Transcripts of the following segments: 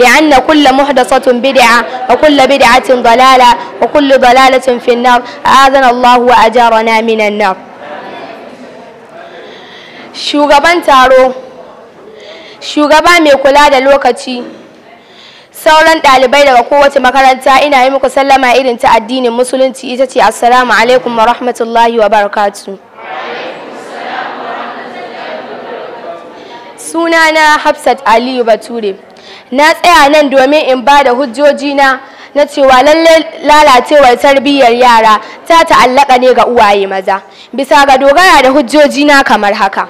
لأن كل محدثة بدعة وكل بدعة ضلالة وكل ضلالة في النار a الله وأجارنا من النار shugaban taro shugaba mai kula da lokaci sauran ɗalibai daga kowace makaranta ina yi muku sallama irin ta addinin musulunci ita ce assalamu alaikum wa rahmatullahi wa barakatu sunana hafsat aliyu bature na tsaya nan domin in ba da hujjojina na cewa lalle lalacewar tarbiyyar yara ta ta'allaka ne ga uwaye maza bisa ga dogara da hujjojina kamar haka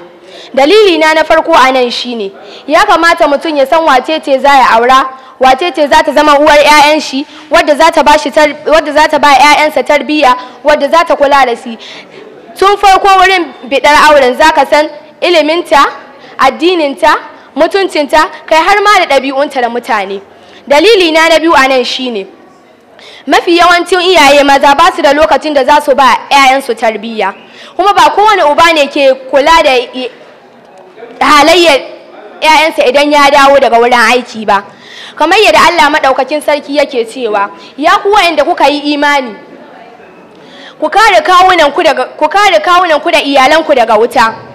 dalili na na farko a nan shine ya kamata mutum ya san wace ce za ya aura wace ce za ta zama uwar 'ya'yan shi wadda za ta ba 'ya'yansa tarbiyya wadda za ta kula da shi tun farko wurin bidar auren za ka san iliminta addininta mutuncinta kai har ma da ɗabi'unta da mutane dalili na na biyu a nan shine mafi yawancin iyaye maza ba su da lokacin da za su ba 'ya'yansu tarbiyya kuma ba kowane uba ne ke kula da halayyar 'ya'yansa idan ya dawo daga wurin aiki ba kamar yadda allah maɗaukakin sarki yake cewa ya kuwa inda kuka yi imani ku kare kawunan ku da iyalanku daga wuta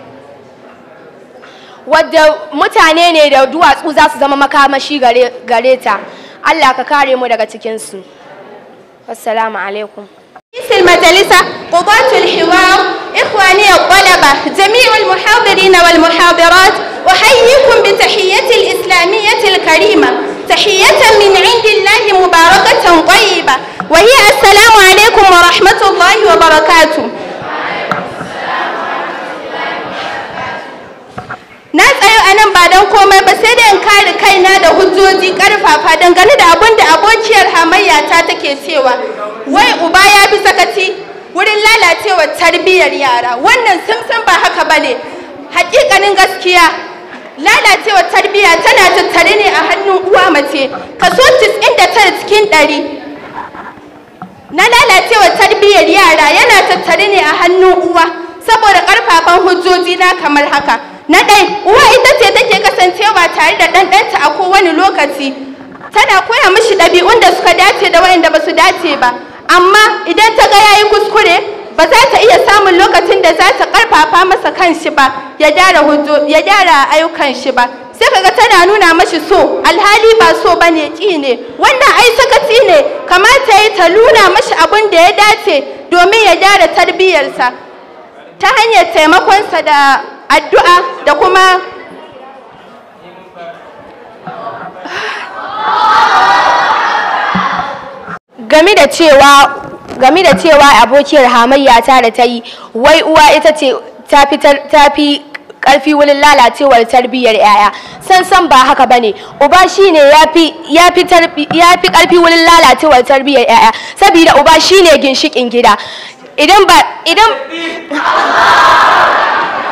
wadda mutane ne da duwatsu za su zama makamashi gare ta Allah ka kare mu daga su assalamu alaikum رئيس المجلسة قضاة الحوار إخواني الطلبة جميع المحاضرين والمحاضرات أحييكم بتحية الإسلامية الكريمة تحية من عند الله مباركة طيبة وهي السلام عليكم ورحمة الله وبركاته na tsayo a nan ba don komai ba sai dai in kare kaina da hujjoji karfafa dangane da abun da abokiyar hamayya ta take cewa wai uba ya fi sakaci wurin lalacewar tarbiyyar yara wannan sun ba haka ba ne hakikanin gaskiya lalacewar tarbiyya tana tattare ne a hannun uwa mace kaso tara cikin ɗari. na lalacewar tarbiyyar yara yana tattare ne a hannun uwa saboda karfafan hujjoji na kamar haka na ɗai uwa ita ce take kasancewa tare da ɗanɗanta a kowane lokaci tana koya mishi ɗabi'un da suka dace da waɗanda ba su dace ba amma idan ta ga yayi kuskure ba za ta iya samun lokacin da za ta ƙarfafa masa kanshi ba ya gyara ayyukan shi ba sai kaga tana nuna mashi so alhali ba so ba ne ƙi ne wannan ai sakaci ne kamata yi ta nuna mashi abin da ya dace domin ya gyara tarbiyyarsa ta hanyar taimakonsa da addu'a da kuma game da cewa game da cewa abokiyar hamayya ta da ta yi wai uwa ita ce ta fi karfi wurin lalacewar tarbiyyar yaya san san ba haka bane uba shine yafi yafi yafi karfi wurin lalacewar tarbiyyar yaya saboda uba shine ginshikin gida idan ba idan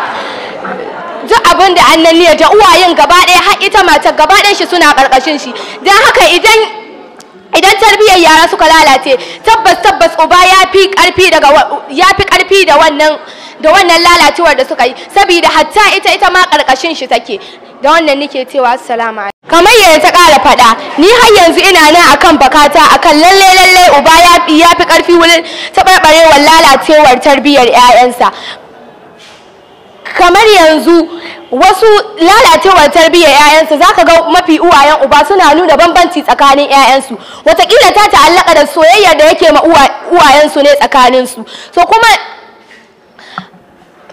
duk abin da annaniya ta uwayen gaba ɗaya har ita matar gaba ɗayan shi suna ƙarƙashin shi don haka idan idan tarbiyyar yara suka lalace tabbas tabbas uba ya fi karfi daga ya fi karfi da wannan da wannan lalacewar da suka yi saboda hatta ita ita ma karkashin shi take da wannan nake cewa assalamu alaikum kamar yadda ta ƙara faɗa ni har yanzu ina nan akan bakata akan lalle lalle uba ya fi ƙarfi karfi wurin taɓarɓarewar lalacewar tarbiyyar 'ya'yansa kamar yanzu wasu lalacewar tarbiyyar 'ya'yansu za ka ga mafi uwayen uba suna nuna bambanci tsakanin 'ya'yansu watakila ta ta'allaka da soyayyar da yake ma uwayensu ne tsakaninsu so kuma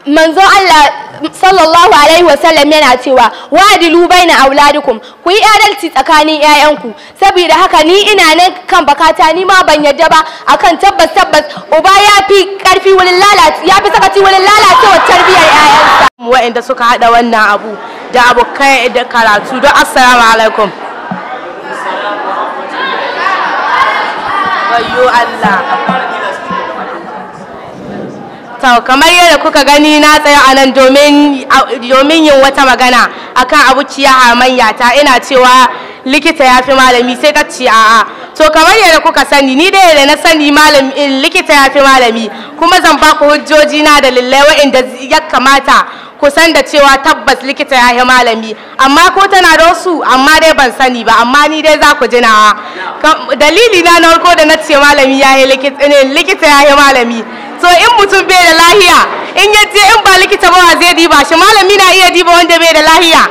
manzo Allah sallallahu alaihi wasallam yana cewa wadilu baina auladikum ku yi adalci tsakanin 'ya'yanku, saboda haka ni ina nan kan bakata ni ma ban yarda ba akan tabbas tabbas uba ya fi karfi wurin lalace ya fi sakaci wurin lalacewa tarbiyar ƴaƴansa wa'anda suka hada wannan abu da abokai da karatu don assalamu alaikum Allah to kamar yadda kuka gani na tsaya a nan domin yin wata magana akan abuciya a ta ina cewa likita ya fi malami sai ka ce a'a to kamar yadda kuka sani ni da na sani malami eh, likita ya fi malami kuma zan ba ku hujjoji na da lillai wa'inda ya kamata san da cewa tabbas likita ya fi malami amma ko tana da wasu amma dai ban sani ba amma ni dai za ku jinawa dalili na na farko da na ce malami ya yi eh, likita ya yi malami so in mutum bai da lahiya in ya je in ba likita ba zai diba shi malami na iya diba wanda bai da lahiya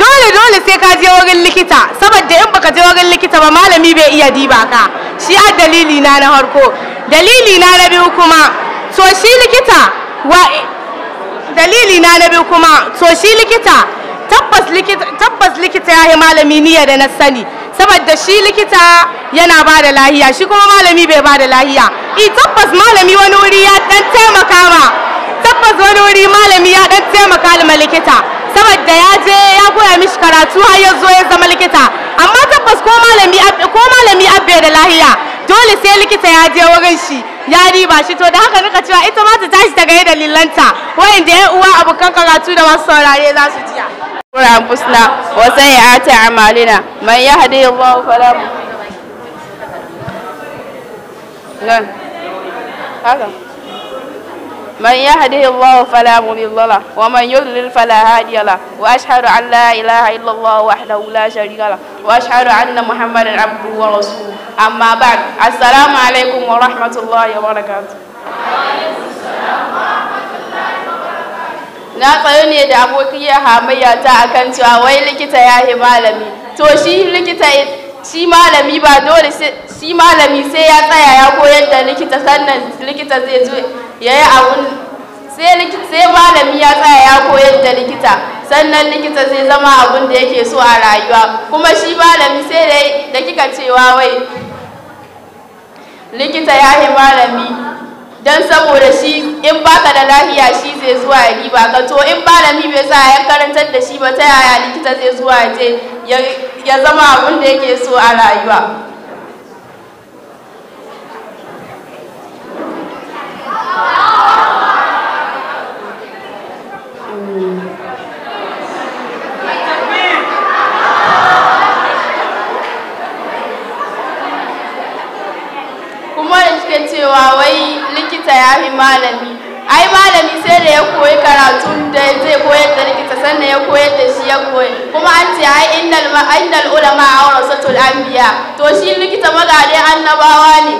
dole dole sai ka je wurin likita saboda in baka je wurin likita ba malami bai iya diba ka shi a dalili na na harko dalili na na biyu kuma to shi likita wa dalili na na biyu kuma to shi likita tabbas likita tabbas likita ya yi malami niyya da na sani saboda shi likita yana ba da lahiya shi kuma malami bai ba da lahiya i tabbas malami wani wuri ya dan taimaka ma tabbas wani wuri malami ya dan taimaka ma likita saboda ya je ya koya mishi karatu har ya zo ya zama likita amma tabbas ko malami ko malami abbe da lahiya dole sai likita ya je wurin shi ya riba shi to da haka nuka cewa ita ma ta tashi ta ga dalilanta wayanda ya uwa abokan karatu da masu saurare za su jiya أنفسنا وسيئات أعمالنا من يهدي الله فلا مضل هذا من يهدي الله فلا مضل له ومن يضلل فلا هادي له وأشهد أن لا إله إلا الله وحده لا شريك له وأشهد أن محمدا عبده ورسوله أما بعد السلام عليكم ورحمة الله وبركاته na tsayo ne da abokiyar hamayya ta akan cewa wai likita ya yi malami to shi likita shi malami ba dole shi malami sai ya tsaya ya koyar da likita sannan likita zai zo ya yi abun sai malami ya tsaya ya koyar da likita sannan likita zai zama abun da yake so a rayuwa kuma shi malami sai da kika cewa wai likita ya yi malami don saboda shi in baka da lahiya shi zai zuwa ya riba ka to in ba da mi bai sa ya karantar da shi ba ta yaya likita zai zuwa ya ce ya zama abin da yake so a rayuwa yake cewa wai likita ya fi malami ai malami sai da ya koyi karatu da zai koyar da likita sannan ya koyar da shi ya koyi kuma an ce ai innal innal ulama awrasatul anbiya to shi likita magade annabawa ne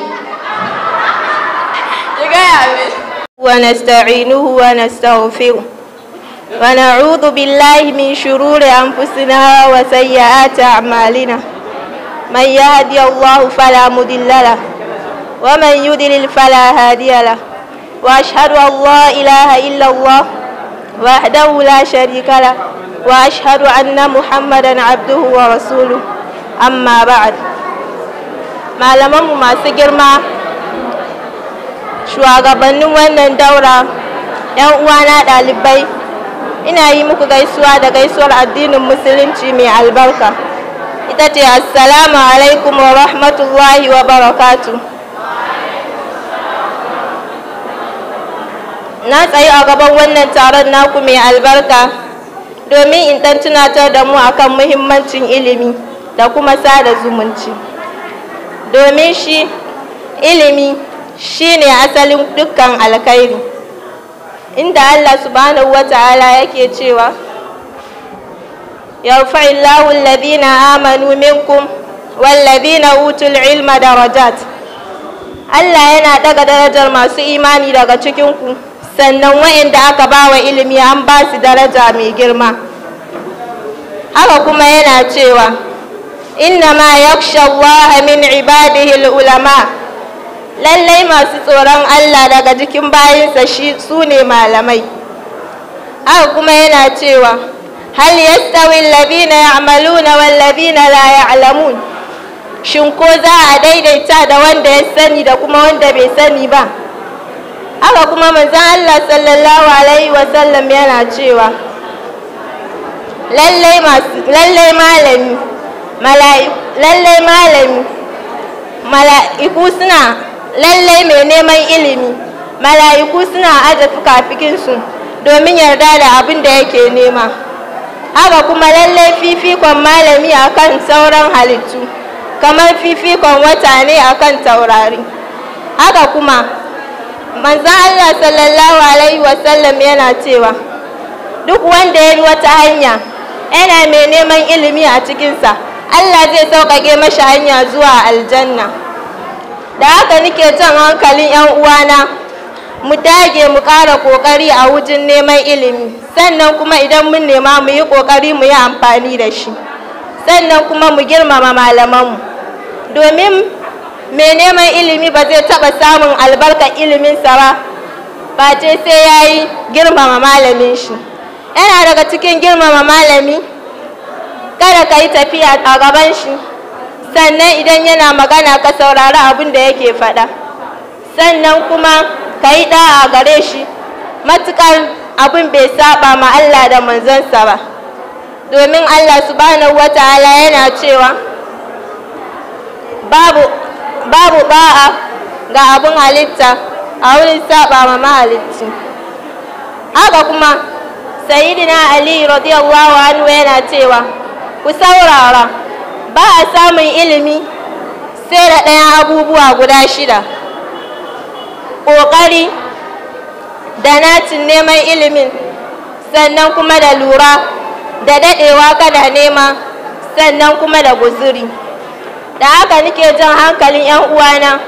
ya ga ya ونستعينه ونستغفره ونعوذ بالله من شرور أنفسنا وسيئات أعمالنا من يهدي الله فلا مضل له ومن يدلل فلا هادي له وأشهد أن لا إله إلا الله وحده لا شريك له وأشهد أن محمدا عبده ورسوله أما بعد malamanmu masu girma shugabannin wannan daura 'yan uwana ɗalibai ina yi muku gaisuwa da gaisuwar addinin musulunci mai albarka ita ce assalamu alaikum wa rahmatullahi wa barakatu." na tsayi a gaban wannan taron naku mai albarka domin in ɗan tunatar da mu akan muhimmancin ilimi da kuma sada zumunci domin shi ilimi shi ne asalin dukkan alkhairi inda Allah subhanahu wa ta'ala yake cewa yarfa illahu alladhina amanu minkum wallazina utul ilma darajat Allah yana daga darajar masu imani daga cikinku sannan wa'inda aka ba wa ilimi an ba su daraja mai girma haka kuma yana cewa innama yaksha Allah min ibadihi ulama lallai masu tsoron Allah daga jikin bayansa su ne malamai haka kuma yana cewa hal yastawi alladhina ya'maluna wal la ya'lamun shin ko za a daidaita da wanda ya sani da kuma wanda bai sani ba aka kuma manzan Allah sallallahu alaihi wasallam yana cewa lallai malami lallai malami mala'iku suna lallai mai neman ilimi mala'iku suna aje fikafikinsu domin yarda da abin da yake nema haka kuma lallai fifikon malami akan sauran halittu kamar fifikon wata ne akan taurari haka kuma manzo Allah sallallahu alaihi wasallam yana cewa duk wanda ya bi wata hanya yana mai neman ilimi a cikinsa Allah zai sauƙaƙe mashi hanya zuwa aljanna da haka nike jan hankalin 'yan uwana mu dage mu ƙara ƙoƙari a wujin neman ilimi sannan kuma idan mun nema mu yi ƙoƙari mu yi amfani da shi sannan kuma mu girmama mu domin mai neman ilimi ba zai taɓa samun albarkar iliminsa ba ce sai ya yi girmama malamin shi yana daga cikin girmama malami kada ka yi tafiya a gaban shi sannan idan yana magana ka saurari abin da yake faɗa sannan kuma ka yi ɗa a gare shi matuƙar abin bai saba ma Allah da manzonsa ba domin Allah subhanahu wata'ala yana cewa babu babu ba'a ga abin halitta a wurin saba ma mahalicci haka kuma sayidina ali radiyallahu anhu yana cewa ku saurara ba a samun ilimi sai da ɗayan abubuwa guda shida ƙoƙari da nacin neman ilimin sannan kuma da lura da daɗewa kada nema sannan kuma da guzuri. da haka nake jan hankalin 'yan uwana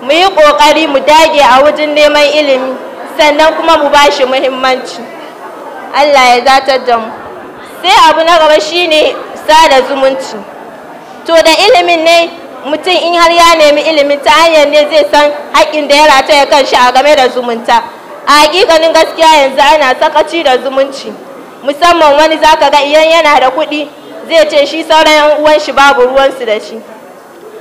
mu yi ƙoƙari mu dage a wajen neman ilimi sannan kuma mu ba shi muhimmanci allah ya zatar da mu sai abu na gaba shine sada zumunci to da ilimin ne mutum in har ya nemi ilimin ta hanyar ne zai san haƙƙin da ya rata rataya shi a game da zumunta a hakikanin gaskiya yanzu ana sakaci da zumunci musamman wani zaka ga idan yana da kuɗi zai ce shi sauran 'yan uwan shi babu ruwansu da shi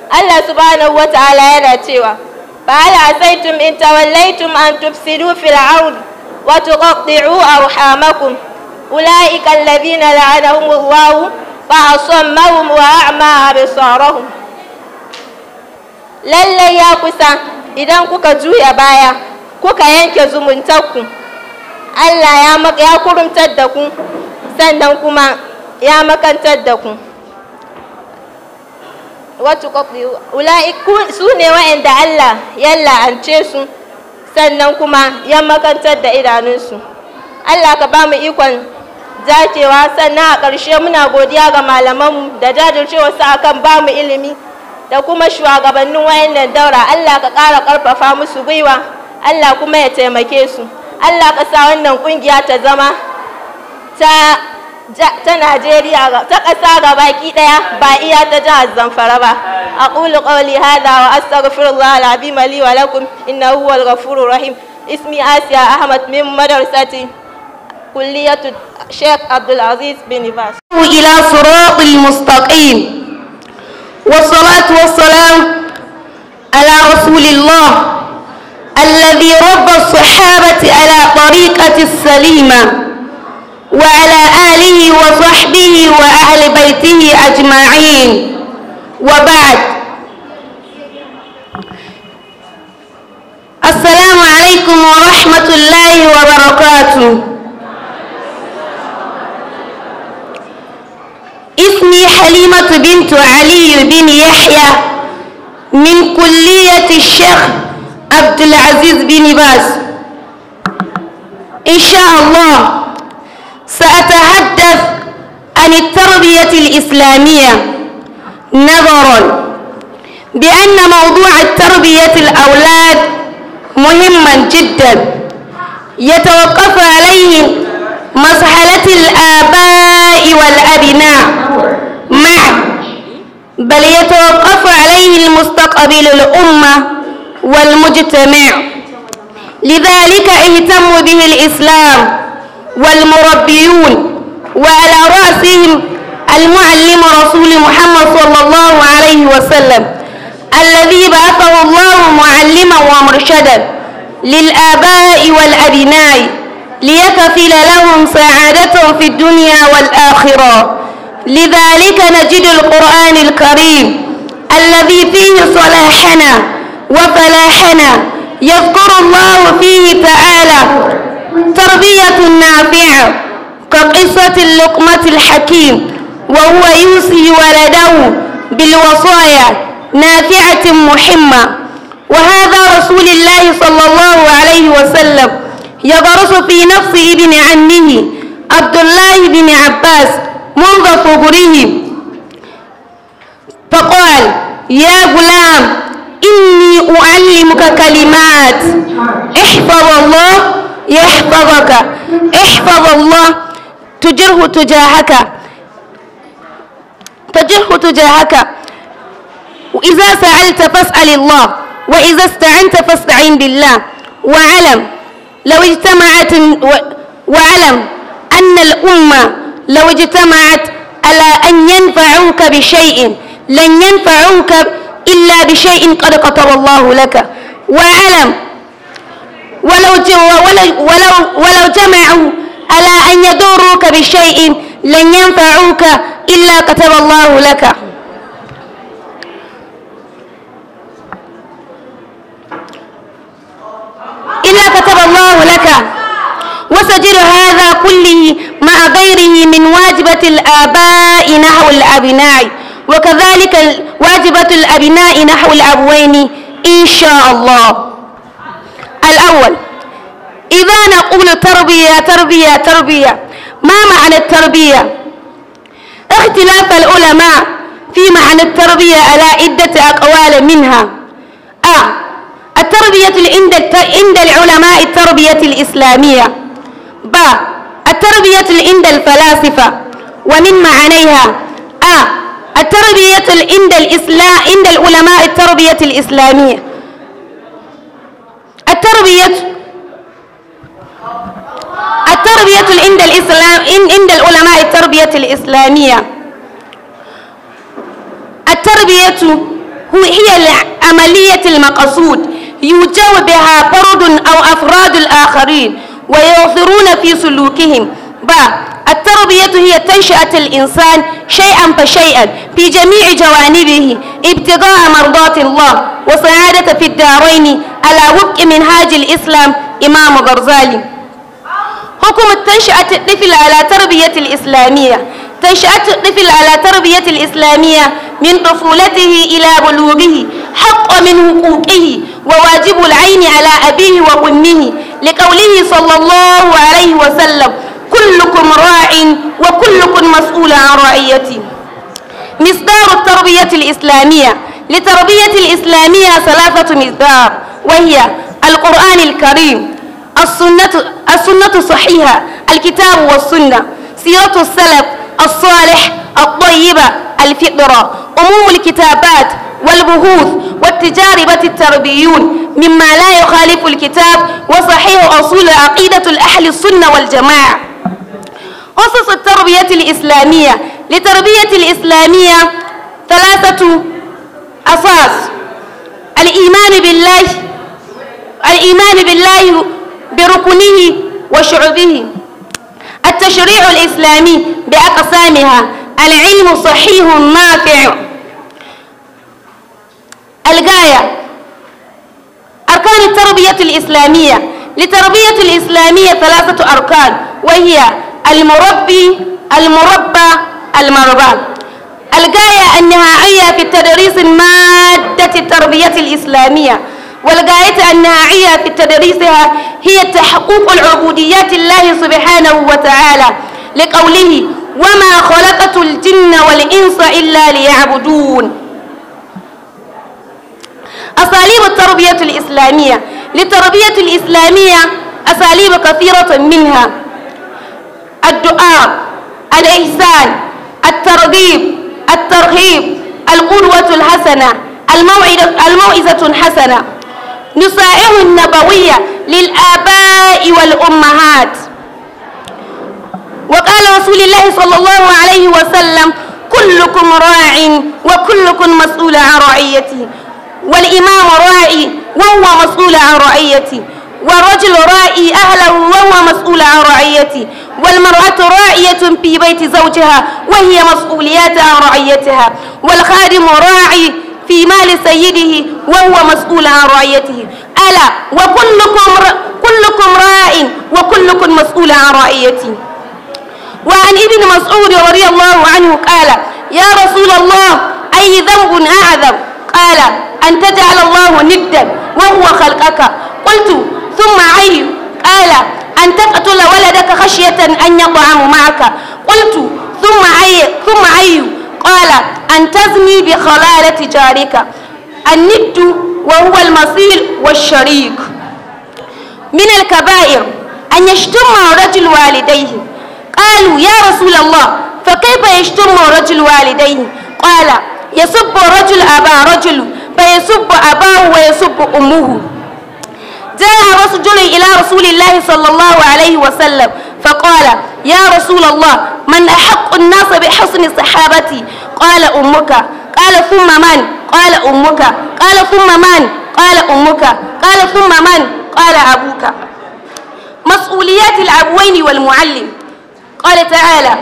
Allah subhanahu wa ta'ala yana cewa fa hal asaitum in tawallaitum an tufsidu fil ard wa tuqatti'u arhamakum ulaika alladhina la'anahum Allah fa asammahum wa a'ma absarahum lalle ya kusa idan kuka juya baya kuka yanke zumuntakku Allah ya kurumtar da ku sannan kuma ya makantar da ku wacce su ne wa'anda Allah ya la'ance su sannan kuma ya makantar da idanunsu Allah ka ba mu ikon zakewa sannan a ƙarshe muna godiya ga malamanmu da su akan ba mu ilimi da kuma shugabannin wayannan daura Allah ka ƙara ƙarfafa musu gwiwa Allah kuma ya taimake su Allah ka sa wannan ƙungiya ta zama ta ta Najeriya ta ƙasa ga baki ba iya ta jihar Zamfara ba. أقول قولي هذا وأستغفر الله العظيم لي ولكم إنه هو الغفور الرحيم اسمي آسيا أحمد من مدرسة كلية الشيخ عبد العزيز بن باز إلى صراط المستقيم والصلاة والسلام على رسول الله الذي ربى الصحابة على طريقة السليمة وعلى آله وصحبه وأهل بيته أجمعين وبعد السلام عليكم ورحمة الله وبركاته اسمي حليمة بنت علي بن يحيى من كلية الشيخ عبد العزيز بن باز إن شاء الله سأتحدث عن التربية الإسلامية نظرا بأن موضوع تربية الأولاد مهما جدا يتوقف عليه مسحلة الآباء والأبناء معا بل يتوقف عليه المستقبل الأمة والمجتمع لذلك اهتم به الإسلام والمربيون وعلى رأسهم المعلم رسول محمد صلى الله عليه وسلم الذي بعثه الله معلما ومرشدا للآباء والأبناء ليكفل لهم سعادتهم في الدنيا والآخرة لذلك نجد القرآن الكريم الذي فيه صلاحنا وفلاحنا يذكر الله فيه تعالى تربية نافعة كقصة اللقمة الحكيم وهو يوصي ولده بالوصايا نافعة مهمة وهذا رسول الله صلى الله عليه وسلم يغرس في نفس ابن عمه عبد الله بن عباس منذ صغره فقال يا غلام إني أعلمك كلمات احفظ الله يحفظك احفظ الله تجره تجاهك تجره تجاهك وإذا سألت فاسأل الله وإذا استعنت فاستعن بالله وعلم لو اجتمعت وعلم أن الأمة لو اجتمعت على أن ينفعوك بشيء لن ينفعوك إلا بشيء قد قدر الله لك وعلم ولو ولو ولو, ولو جمعوا على أن يضروك بشيء لن ينفعوك إلا كتب الله لك إلا كتب الله لك وسجل هذا كله مع غيره من واجبة الآباء نحو الأبناء وكذلك واجبة الأبناء نحو الأبوين إن شاء الله الأول إذا نقول تربية تربية تربية ما معنى التربية؟ اختلاف العلماء في معنى التربية على عدة أقوال منها أ التربية عند عند العلماء التربية الإسلامية ب التربية عند الفلاسفة ومن معانيها أ التربية عند الإسلام عند العلماء التربية الإسلامية التربية التربية عند الإسلام عند العلماء التربية الإسلامية التربية هي عملية المقصود يجاوبها بها فرد أو أفراد الآخرين ويؤثرون في سلوكهم با التربية هي تنشئة الإنسان شيئا فشيئا في جميع جوانبه ابتغاء مرضات الله وسعادة في الدارين على وفق منهاج الإسلام إمام غرزالي حكم تنشئة الطفل على تربية الإسلامية تنشأة الطفل على تربية الإسلامية من طفولته إلى بلوغه حق من حقوقه وواجب العين على أبيه وأمه لقوله صلى الله عليه وسلم كلكم راع وكلكم مسؤول عن رعيته مصدار التربية الإسلامية لتربية الإسلامية ثلاثة مصدار وهي القرآن الكريم السنة, السنة الصحيحة الكتاب والسنة سيرة السلف الصالح الطيبة الفطرة أمور الكتابات والبحوث والتجاربة التربيون مما لا يخالف الكتاب وصحيح أصول عقيدة الأهل السنة والجماعة أسس التربية الإسلامية لتربية الإسلامية ثلاثة أساس الإيمان بالله الإيمان بالله بركنه وشعبه التشريع الإسلامي بأقسامها العلم صحيح نافع الغاية أركان التربية الإسلامية لتربية الإسلامية ثلاثة أركان وهي المربي المربى المربى الغاية النهائية في تدريس مادة التربية الإسلامية والغاية النهائية في تدريسها هي تحقيق العبوديات الله سبحانه وتعالى لقوله وما خلقت الجن والإنس إلا ليعبدون أساليب التربية الإسلامية للتربية الإسلامية أساليب كثيرة منها الدعاء الإحسان الترغيب الترهيب القدوة الحسنة الموعدة الموعظة الحسنة نصائح النبوية للآباء والأمهات وقال رسول الله صلى الله عليه وسلم كلكم راع وكلكم مسؤول عن رعيته والإمام راعي وهو مسؤول عن رعيته والرجل راعي أهله وهو مسؤول عن رعيته والمرأة راعية في بيت زوجها وهي مسؤوليات عن رعيتها والخادم راعي في مال سيده وهو مسؤول عن رعيته ألا وكلكم ر... كلكم راع وكلكم مسؤول عن رعيته وعن ابن مسعود رضي الله عنه قال يا رسول الله أي ذنب أعظم قال أن تجعل الله ندا وهو خلقك قلت ثم عي قال أن تقتل ولدك خشية أن يطعم معك قلت ثم عي ثم عي قال أن تزني بخلالة جارك الند وهو المصير والشريك من الكبائر أن يشتم رجل والديه قالوا يا رسول الله فكيف يشتم رجل والديه قال يسب رجل أبا رجل فيسب أباه ويسب أمه جاء رجل إلى رسول الله صلى الله عليه وسلم فقال يا رسول الله من أحق الناس بحسن صحابتي قال أمك قال ثم من قال أمك قال ثم من قال أمك قال ثم من قال أبوك مسؤوليات الأبوين والمعلم قال تعالى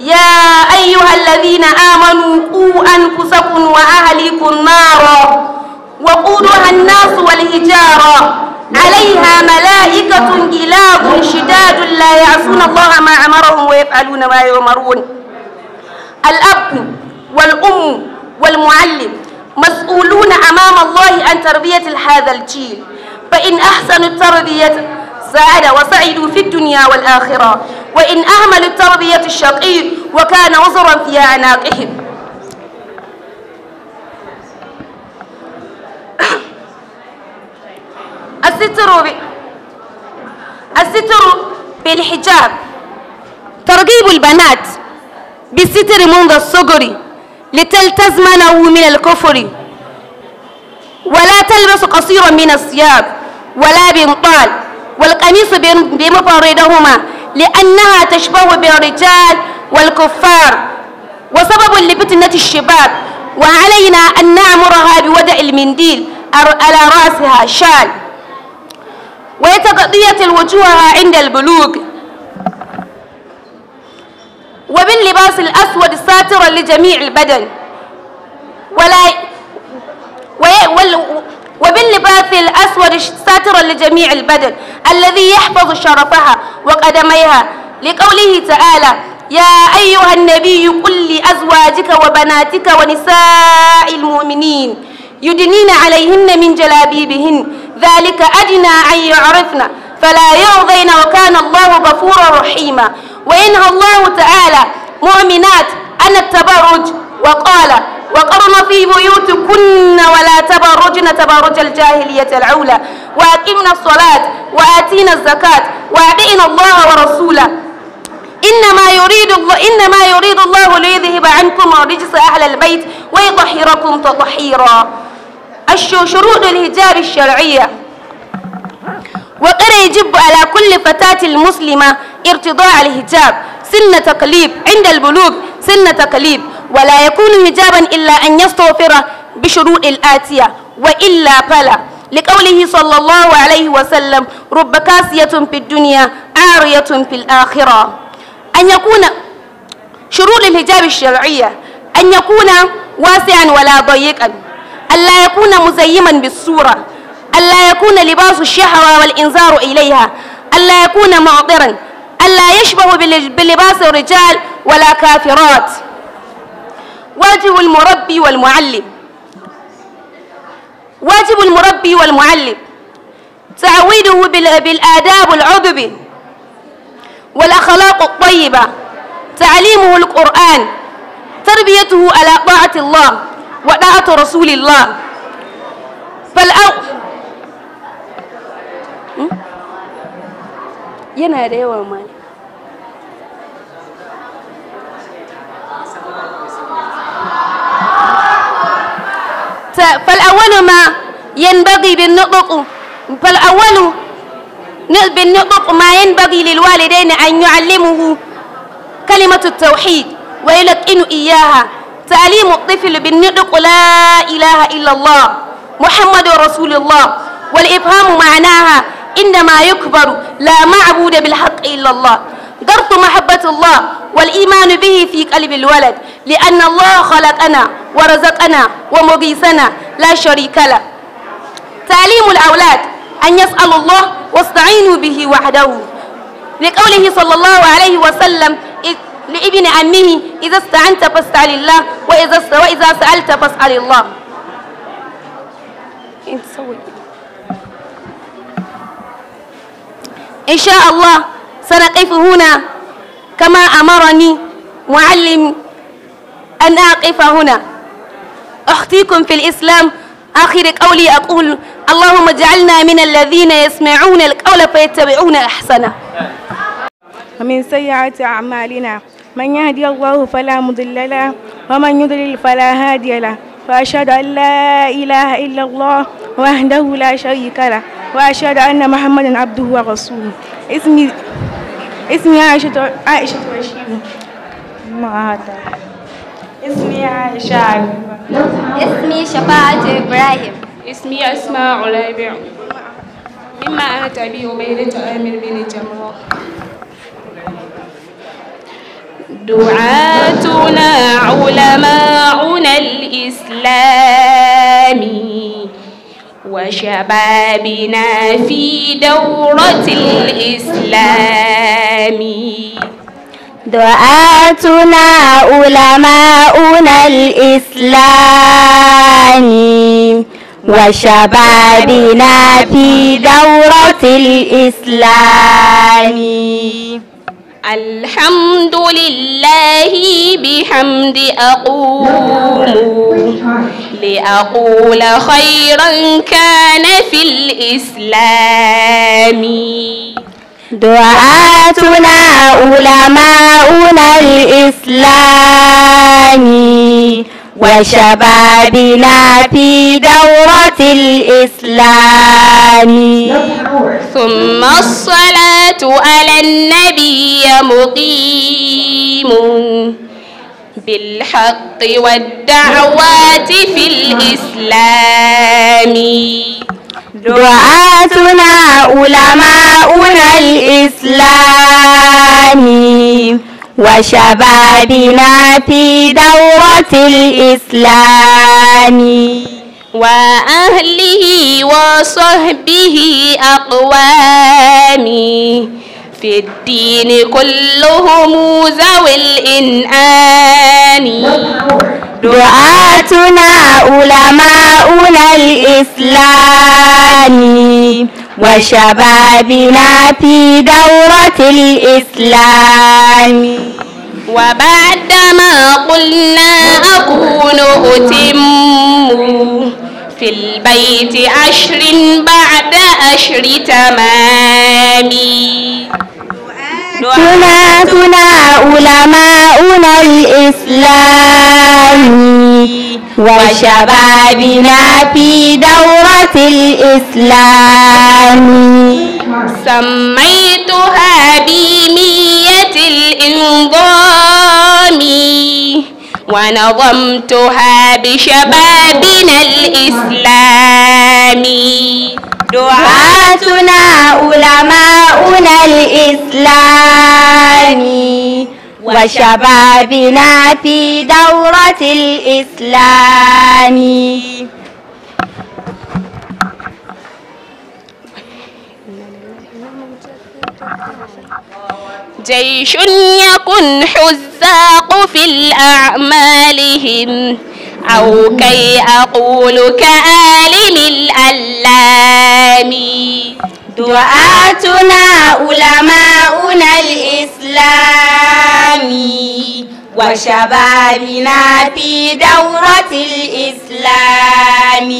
يا أيها الذين آمنوا قوا أنفسكم وأهليكم نارا وقودها الناس والهجارة عليها ملائكة غلاظ شداد لا يعصون الله ما أمرهم ويفعلون ما يؤمرون الأب والأم والمعلم مسؤولون أمام الله عن تربية هذا الجيل فإن أحسنوا التربية سعد وسعدوا في الدنيا والآخرة وإن أهملوا التربية الشقي وكان عذرا في أعناقهم الستر ب... الستر بالحجاب ترغيب البنات بالستر منذ الصغر لتلتزمنه من الكفر ولا تلبس قصيرا من الثياب ولا بنطال والقميص بمفردهما لأنها تشبه بالرجال والكفار وسبب لفتنة الشباب وعلينا أن نعمرها بوضع المنديل على رأسها شال ويتغطية الوجوه عند البلوغ وباللباس الأسود الساترا لجميع البدن ولا وباللباس الأسود الساترا لجميع البدن الذي يحفظ شرفها وقدميها لقوله تعالى يا أيها النبي قل لأزواجك وبناتك ونساء المؤمنين يدنين عليهن من جلابيبهن ذلك أدنى أن يعرفنا فلا يرضين وكان الله غفورا رحيما وإنهى الله تعالى مؤمنات أن التبرج وقال وقرن في بيوتكن ولا تبرجن تبرج الجاهلية العولى وأقمنا الصلاة وآتينا الزكاة وأعطينا الله ورسوله إنما يريد الله إنما يريد الله ليذهب عنكم الرجس أهل البيت ويطهركم تطهيرا شروط الهجاب الشرعية وقر يجب على كل فتاة مسلمة ارتضاع الهجاب سن تقليب عند البلوغ سن تقليب ولا يكون هجابا إلا أن يستغفر بشروط الآتية وإلا فلا لقوله صلى الله عليه وسلم رب كاسية في الدنيا عارية في الآخرة أن يكون شروط الهجاب الشرعية أن يكون واسعا ولا ضيقا ألا يكون مزيما بالصورة ألا يكون لباس الشهوة والإنذار إليها ألا يكون معطرا ألا يشبه بلباس الرجال ولا كافرات واجب المربي والمعلم واجب المربي والمعلم تعويده بالآداب العذب والأخلاق الطيبة تعليمه القرآن تربيته على طاعة الله ودعت رسول الله فالأو yana da yawa فالأول ما ينبغي بالنطق فالأول بالنطق ما ينبغي للوالدين أن يعلمه كلمة التوحيد ويلقن إياها تعليم الطفل بالنطق لا إله إلا الله محمد رسول الله والإفهام معناها إنما يكبر لا معبود بالحق إلا الله درس محبة الله والإيمان به في قلب الولد لأن الله خلقنا ورزقنا ومغيثنا لا شريك له تعليم الأولاد أن يسأل الله واستعينوا به وحده لقوله صلى الله عليه وسلم لابن عمه إذا استعنت فاستعن الله وإذا وإذا سألت فاسأل الله إيه، إن شاء الله سنقف هنا كما أمرني معلم أن أقف هنا اختيكم في الإسلام آخر قولي أقول اللهم اجعلنا من الذين يسمعون القول فيتبعون أحسنه ومن سيئات أعمالنا من يهدي الله فلا مضل له ومن يضلل فلا هادي له وأشهد أن لا إله إلا الله وحده لا شريك له وأشهد أن محمدا عبده ورسوله اسمي اسمي عائشة عائشة ما هذا اسمي عائشة اسمي شفاعة إبراهيم اسمي أسماء علايبع مما اتى به وبينت آمر بن جمرة دعاتنا علماؤنا الإسلام وشبابنا في دورة الإسلام دعاتنا علماؤنا الإسلام وشبابنا في دورة الإسلام الحمد لله بحمد أقول لأقول خيرا كان في الإسلام دعاتنا علماؤنا الإسلام وشبابنا في دورة الإسلام ثم الصلاة على النبي مقيم بالحق والدعوات في الإسلام دعاتنا علماؤنا الإسلام وشبابنا في دورة الإسلام وأهله وصحبه أقوامي في الدين كلهم ذوي الإنعام دعاتنا علماؤنا الإسلام وشبابنا في دورة الإسلام وبعدما قلنا أكون أتم في البيت أشر بعد أشر تمامي دعاتنا علماؤنا الإسلام وشبابنا في دورة الإسلام سميتها بنية الإنظام ونظمتها بشبابنا الإسلامي دعاتنا علماؤنا الإسلامي وشبابنا في دورة الإسلام جيش يكن حزاق في الأعمالهم أو كي أقول كآلم الألام دعاتنا علماؤنا الإسلامي وشبابنا في دورة الإسلام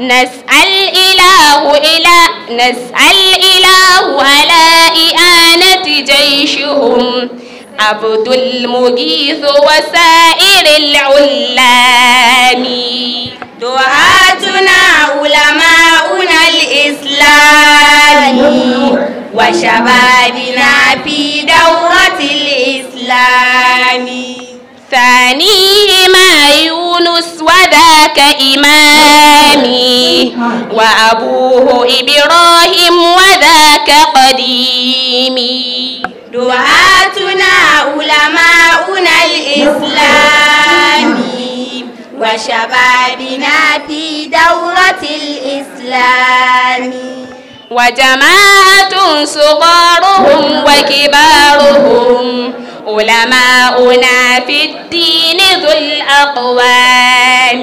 نسأل إله إلى نسأل إله على إعانة جيشهم عبد المجيث وسائر العلام دعاتنا علماؤنا الإسلام وشبابنا في دورة الإسلام ثاني ما يونس وذاك إمام أبي وأبوه إبراهيم وذاك قديمي دعاتنا علماؤنا الإسلامي وشبابنا في دورة الإسلام وجماعة صغارهم وكبارهم علماؤنا في الدين ذو الأقوام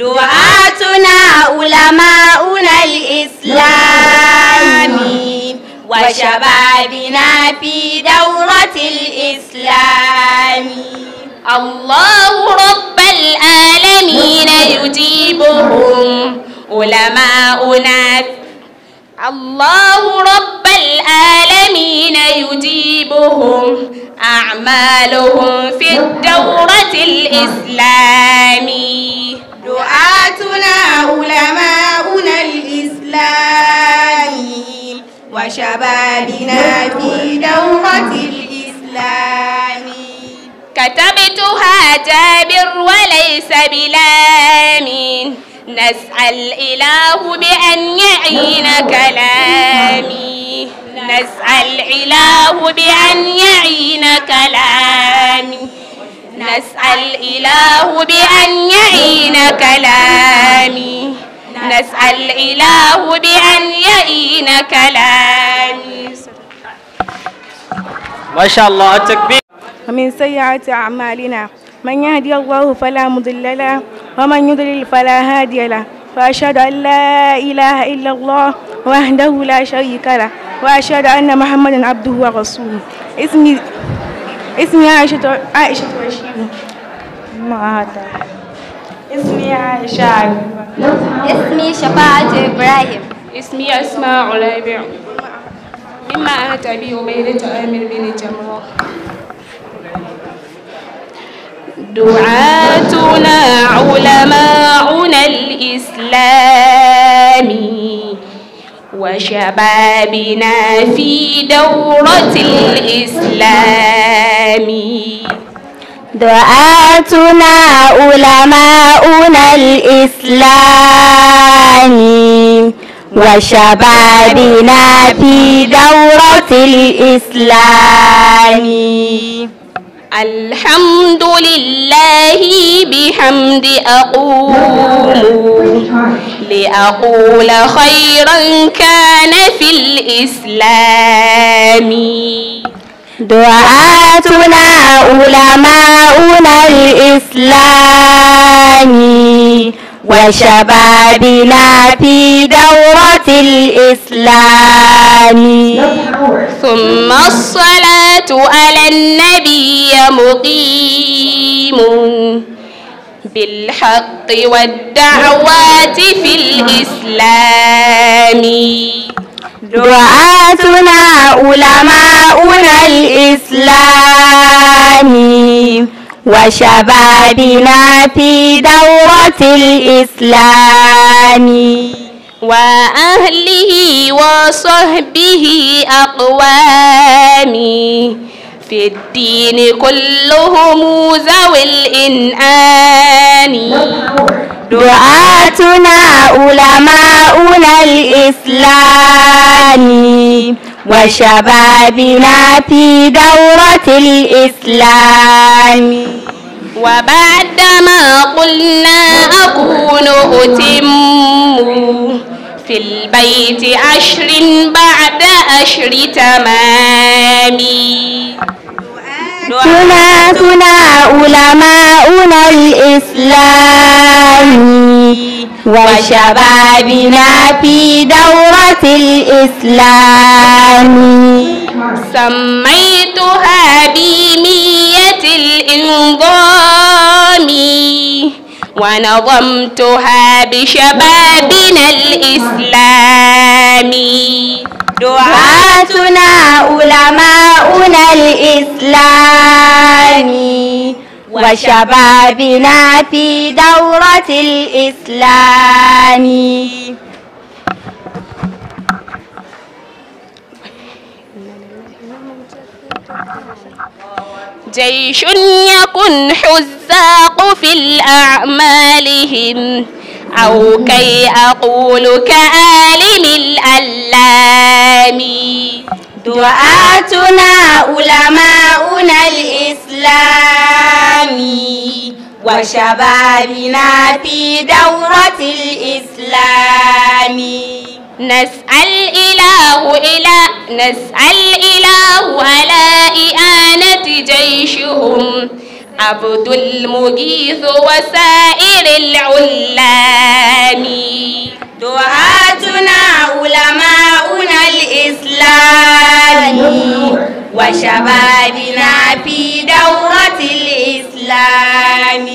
دعاتنا علماؤنا الإسلام وشبابنا في دورة الإسلام الله رب العالمين يجيبهم علماؤنا الله رب العالمين يجيبهم أعمالهم في الدورة الإسلامي دعاتنا علماؤنا الإسلامي وشبابنا في دورة الإسلامي كتبتها جابر وليس بلامين نسأل إله بأن يعين كلامي نسأل إله بأن يعين كلامي نسأل إله بأن يعين كلامي نسأل إله بأن يعين كلامي ما شاء الله التكبير ومن سيئات أعمالنا من يهدي الله فلا مضل له ومن يضلل فلا هادي له وأشهد أن لا إله إلا الله وحده لا شريك له وأشهد أن محمدا عبده ورسوله اسمي اسمي عائشة عائشة رشيد ما هذا اسمي عائشة اسمي شفاعة إبراهيم اسمي أسماء عليبع مما أتى به عبيدة آمر بن جمرة دعاتنا علماؤنا الإسلام وشبابنا في دورة الإسلام دعاتنا علماؤنا الإسلام وشبابنا في دورة الإسلام الحمد لله بحمد أقول لأقول خيرا كان في الإسلام دعاتنا علماؤنا الإسلام وشبابنا في دورة الإسلام ثم الصلاة على النبي مقيم بالحق والدعوات في الإسلام دعاتنا علماؤنا الإسلام وشبابنا في دورة الإسلام وأهله وصحبه أقوامي في الدين كلهم ذوي الإنعام دعاتنا علماؤنا الإسلام وشبابنا في دورة الإسلام وبعدما قلنا أكون أتم في البيت عشر بعد عشر تمامي دعاتنا علماؤنا الإسلام وشبابنا في دورة الإسلام سميتها بمية الإنظام ونظمتها بشبابنا الإسلام دعاتنا علماؤنا الإسلام وشبابنا في دورة الإسلام جيش يكن حزاق في الأعمالهم أو كي أقول كآلم الألام دعاتنا علماؤنا الإسلامي وشبابنا في دورة الإسلام نسأل إله إلى نسأل إله على إعانة جيشهم عبد المجيث وسائر العلام دعاتنا علماؤنا الإسلام وشبابنا في دورة الإسلام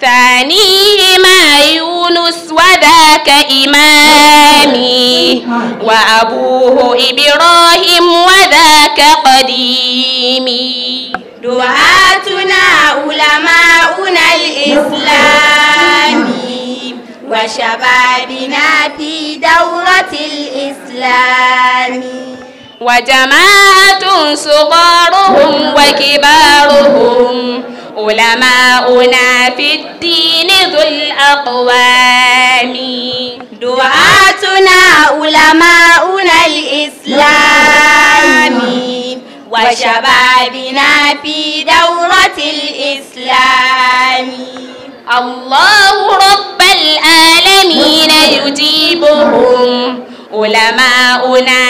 ثانيهما يونس وذاك إمامي وأبوه إبراهيم وذاك قديمي دعاتنا علماؤنا الإسلامي وشبابنا في دورة الإسلام وجماعة صغارهم وكبارهم علماؤنا في الدين ذو الأقوام دعاتنا علماؤنا الإسلام وشبابنا في دورة الإسلام الله رب العالمين يجيبهم علماؤنا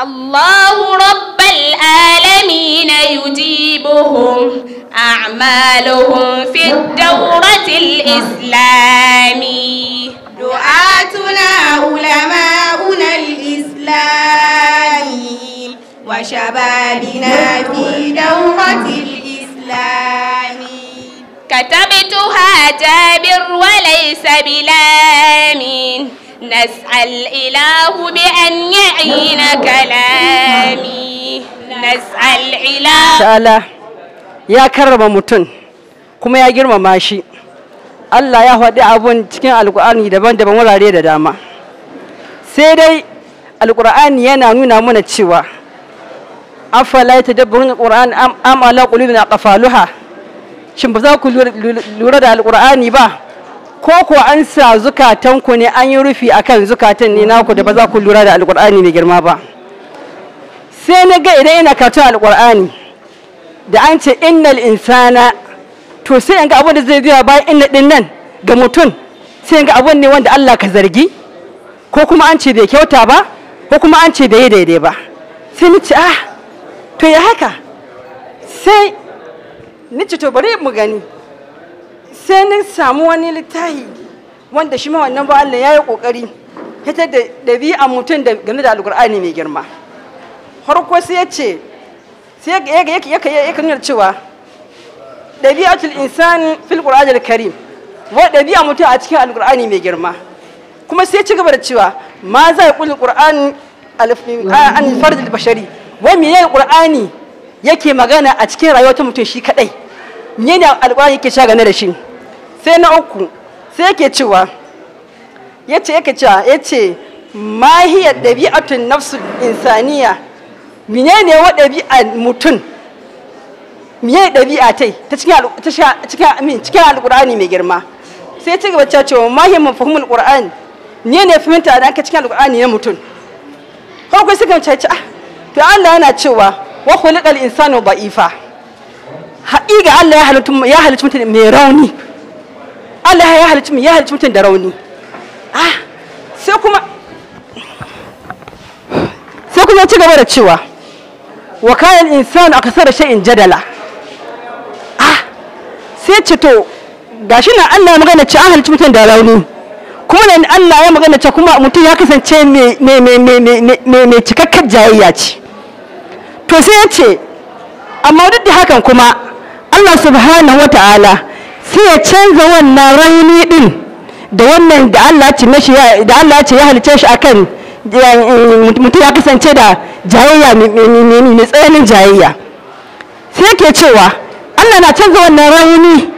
الله رب العالمين يجيبهم أعمالهم في الدورة الإسلامي دعاتنا علماؤنا الإسلامي وشبابنا في دورة الإسلامي كتبتها جابر وليس بلامين نسأل إله بأن na كلامي نسأل إله شالا يا كرم متن kuma ya girmama shi Allah ya faɗi abun cikin alkur'ani daban-daban wurare da dama sai dai alkur'ani yana nuna mana cewa afala ya tadabbarun alkur'an am ala qulubina qafaluha shin ba za ku lura da alkur'ani ba ko ko an sa zukatanku ne an yi rufi akan zukatan ne naku da ba za ku lura da alkur'ani mai girma ba sai na ga idan ina karatu alkur'ani da an ce innal insana to sai in ga abin da zai biya bayan inna din nan ga mutum sai in ga abin ne wanda Allah ka zargi ko kuma an ce bai kyauta ba ko kuma an ce bai daidai ba sai ni ce ah to ya haka sai ni ce to bari mu gani sai na samu wani littafi wanda shi ma wannan ba Allah ya yi ƙoƙari fitar da ɗabi'a mutum da game da alƙur'ani mai girma harko sai ya ce sai ya nuna cewa ɗabi'atul insani fil ƙur'anil karim wa ɗabi'a mutum a cikin alƙur'ani mai girma kuma sai ci gaba da cewa ma za ya ƙulli an alfardil bashari wa me yayi ƙur'ani yake magana a cikin rayuwar mutum shi kaɗai menene alƙur'ani yake sha game da shi sai na uku sai yake cewa ya ce yake cewa ya ce mahiyar ɗabi'atun nafsu insaniya menene wa ɗabi'a mutum miye ɗabi'a tai ta cikin alƙur'ani mai girma sai ci gaba cewa mahiyar mafahimul ƙur'ani ne ne fahimta da aka cikin alƙur'ani na mutum farko suka ce ah to Allah yana cewa wa khuliqal insanu da'ifa haƙiƙa Allah ya halittu ya halittu mutum mai rauni Allah ya halicci ya halicci mutum da rauni ah sai kuma sai kuma ci gaba da cewa wa kayan insan akasar shay'in jadala ah sai ce to gashi na Allah ya magana ce an halicci mutum da rauni kuma ne Allah ya magana ce kuma mutum ya kasance me mai mai mai cikakken jayayya ce to sai ya ce amma duk da hakan kuma Allah subhanahu wa ta'ala sai ya canza wannan rauni din da wannan da Allah ce ya halice shi akan mutum ya kasance da jayayya mai tsananin jayayya sai yake cewa Allah na canza wannan rauni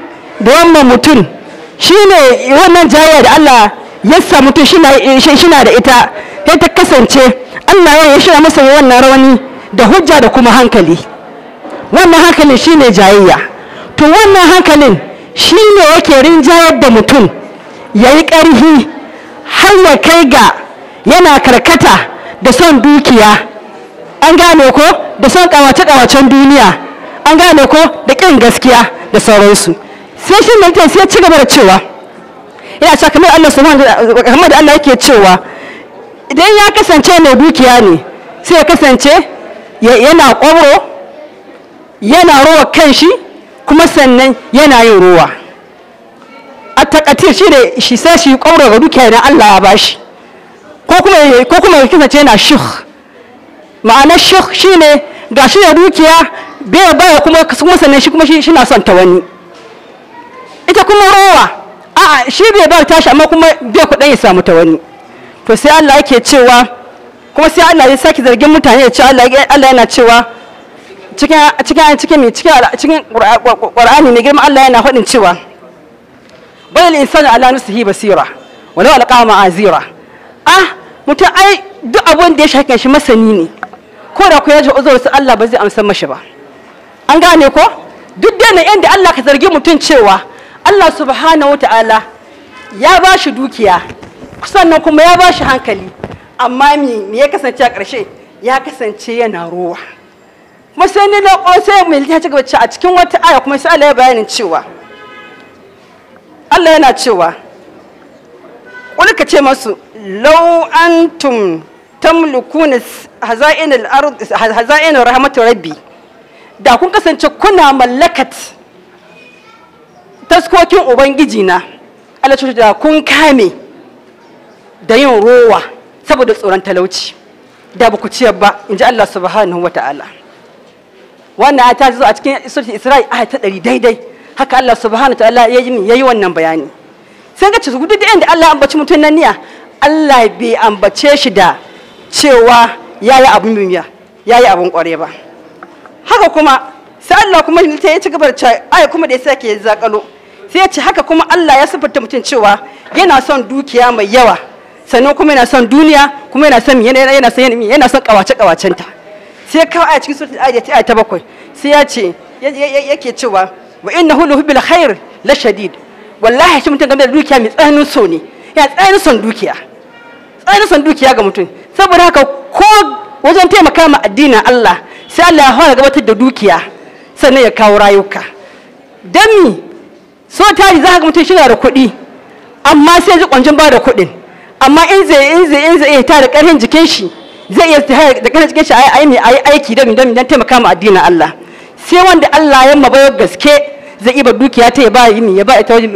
da wannan mutum Shi ne wannan jayayya da Allah ya sa mutum shi na da ita sai ta kasance Allah ya shirya masa wannan rauni da hujja da kuma hankali wannan hankalin shi ne jayayya to wannan hankalin shi ne yake rinjayar da mutum ya yi ƙarfi har ya kai ga yana karkata da son dukiya an gane ko da son ƙawace-ƙawacen duniya an gane ko da ƙin gaskiya da sauransu sai shi mai sai ya ci gaba da cewa yana sha kamar Allah subhanahu da Allah yake cewa idan ya kasance mai dukiya ne sai ya kasance yana ƙwaro yana rowa kan shi kuma sannan yana yin ruwa a takatir shi da shi sai shi ƙaura ga dukiya na Allah ya bashi ko kuma ko kuma ya ce yana shih ma'anar shi shine ga shi da dukiya bai baya kuma kuma sannan shi kuma shi na son ta wani ita kuma ruwa a'a shi bai ba tashi amma kuma bai kuɗin ya samu ta wani to sai Allah yake cewa kuma sai Allah ya saki zargin mutane ya ce Allah yana cewa cikin cikin mai cikin cikin qur'ani ne, girma Allah yana faɗin cewa bayil insani ala nafsihi basira wa law alqa azira. ah mutum ai duk abin da ya shakan shi masani ne ko da ku ya ji uzurinsa Allah ba zai amsa mashi ba an gane ko duk da nan da Allah ka zargi mutum cewa Allah subhanahu ta'ala ya ba shi dukiya sannan kuma ya ba shi hankali amma me ya kasance a ƙarshe ya kasance yana ruwa masani na ƙosai mai ta ci a cikin wata aya kuma sai Allah ya bayani cewa Allah yana cewa wani ka ce masu lau antum tamlukun haza'in rahmatu rabbi da kun kasance kuna mallakat taskokin ubangiji na Allah ce da kun kame da yin rowa saboda tsoron talauci da ba ku ciyar ba inji Allah subhanahu wa ta'ala wannan ta zo a cikin suratul isra'i aya ta 100 daidai haka Allah subhanahu ta'ala ya yi yayi wannan bayani sai ga cikin duk da Allah ambaci mutun nan niya Allah bai ambace shi da cewa yayi abun ya yayi abun kware ba haka kuma sai Allah kuma ta ya ci gaba da aya kuma da ya sake zakalo sai ya ce haka kuma Allah ya siffanta mutum cewa yana son dukiya mai yawa sannan kuma yana son duniya kuma yana son yana son yana son kawace kawacenta sai kawai a cikin suratul ayat ta ta bakwai sai ya ce yake cewa wa inna lahu bil khair la shadid wallahi shi mutum game da dukiya mai tsananin so ne ya tsananin son dukiya tsananin son dukiya ga mutum saboda haka ko wajen taimaka ma addinin Allah sai Allah ya fara gabatar da dukiya sannan ya kawo rayuka Dami mi so tari za ga mutum shi da kuɗi amma sai ya ji kwanjin ba da kuɗin amma in zai in zai in zai ta da ƙarfin jikin shi zai iya ta da kada cikin shi yi aiki don don don taimaka ma addinin Allah sai wanda Allah ya maba gaske zai iya dukiya ta ya ba yi ya ba ita wajen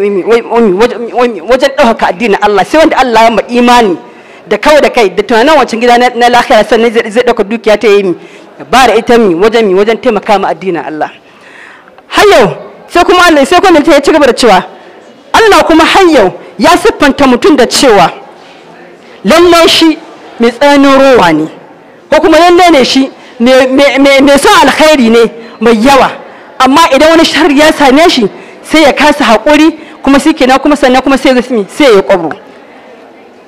wajen ɗaukaka addinin Allah sai wanda Allah ya ma imani da kawai da kai da tunanin wancan gida na lafiya sannan zai ɗauka dukiya ta yi ya ba da ita mi wajen mi wajen taimaka ma addinin Allah har sai kuma Allah sai kuma ta ya ci gaba da cewa Allah kuma har ya siffanta mutum da cewa lallai shi mai tsananin rowa ne ko kuma lalle ne shi mai son alkhairi ne mai yawa amma idan wani sharri ya same shi sai ya kasa haƙuri kuma sai kenan kuma sannan kuma sai zai sai ya kwabro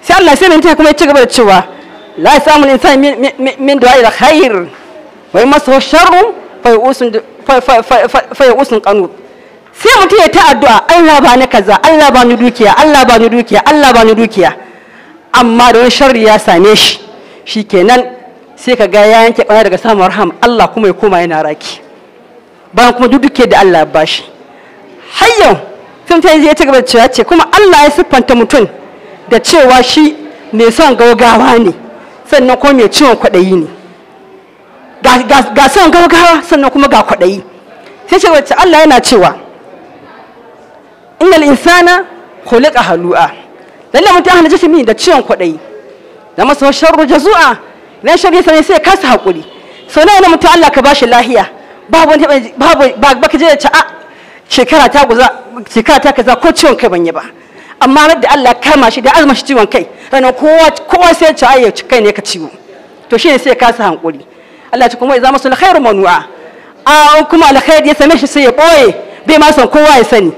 sai Allah sai mai kuma ya ci gaba da cewa la samu insani min da ila khair wai masu sharru fa yusun usun kanu sai mutum ya ta addu'a Allah ba ni kaza Allah ba ni dukiya Allah ba ni dukiya Allah ba ni dukiya amma da wani sharri ya same shi shi kenan sai ka ga ya yanke bana daga samun rahama Allah kuma ya koma yana raki bayan kuma duk duke da Allah ya bashi har yau sun fa ya ci gaba cewa ce kuma Allah ya siffanta mutum da cewa shi mai son gaugawa ne sannan kuma mai ciwon kwaɗayi ne ga son gaugawa sannan kuma ga kwaɗayi sai ce wacce Allah yana cewa innal insana khuliqa halu'a lalle mutum hana jisimi da ciwon kwaɗayi da masa sharru jazu'a na shari'a sai sai kasa hakuri sau nawa mutum Allah ka bashi lahiya babu wani babu ba ka je da ta'a ah, shekara ta guza shekara ta kaza ko ciwon kai ban yi ba amma da Allah kama shi da azuma shi ciwon kai ranar kowa kowa sai ta ci kai ne ka ciwo to shine sai kasa hankuri Allah ya kuma zama masul khairu manu'a a kuma alkhairi ya same shi sai ya boye bai ma san kowa ya sani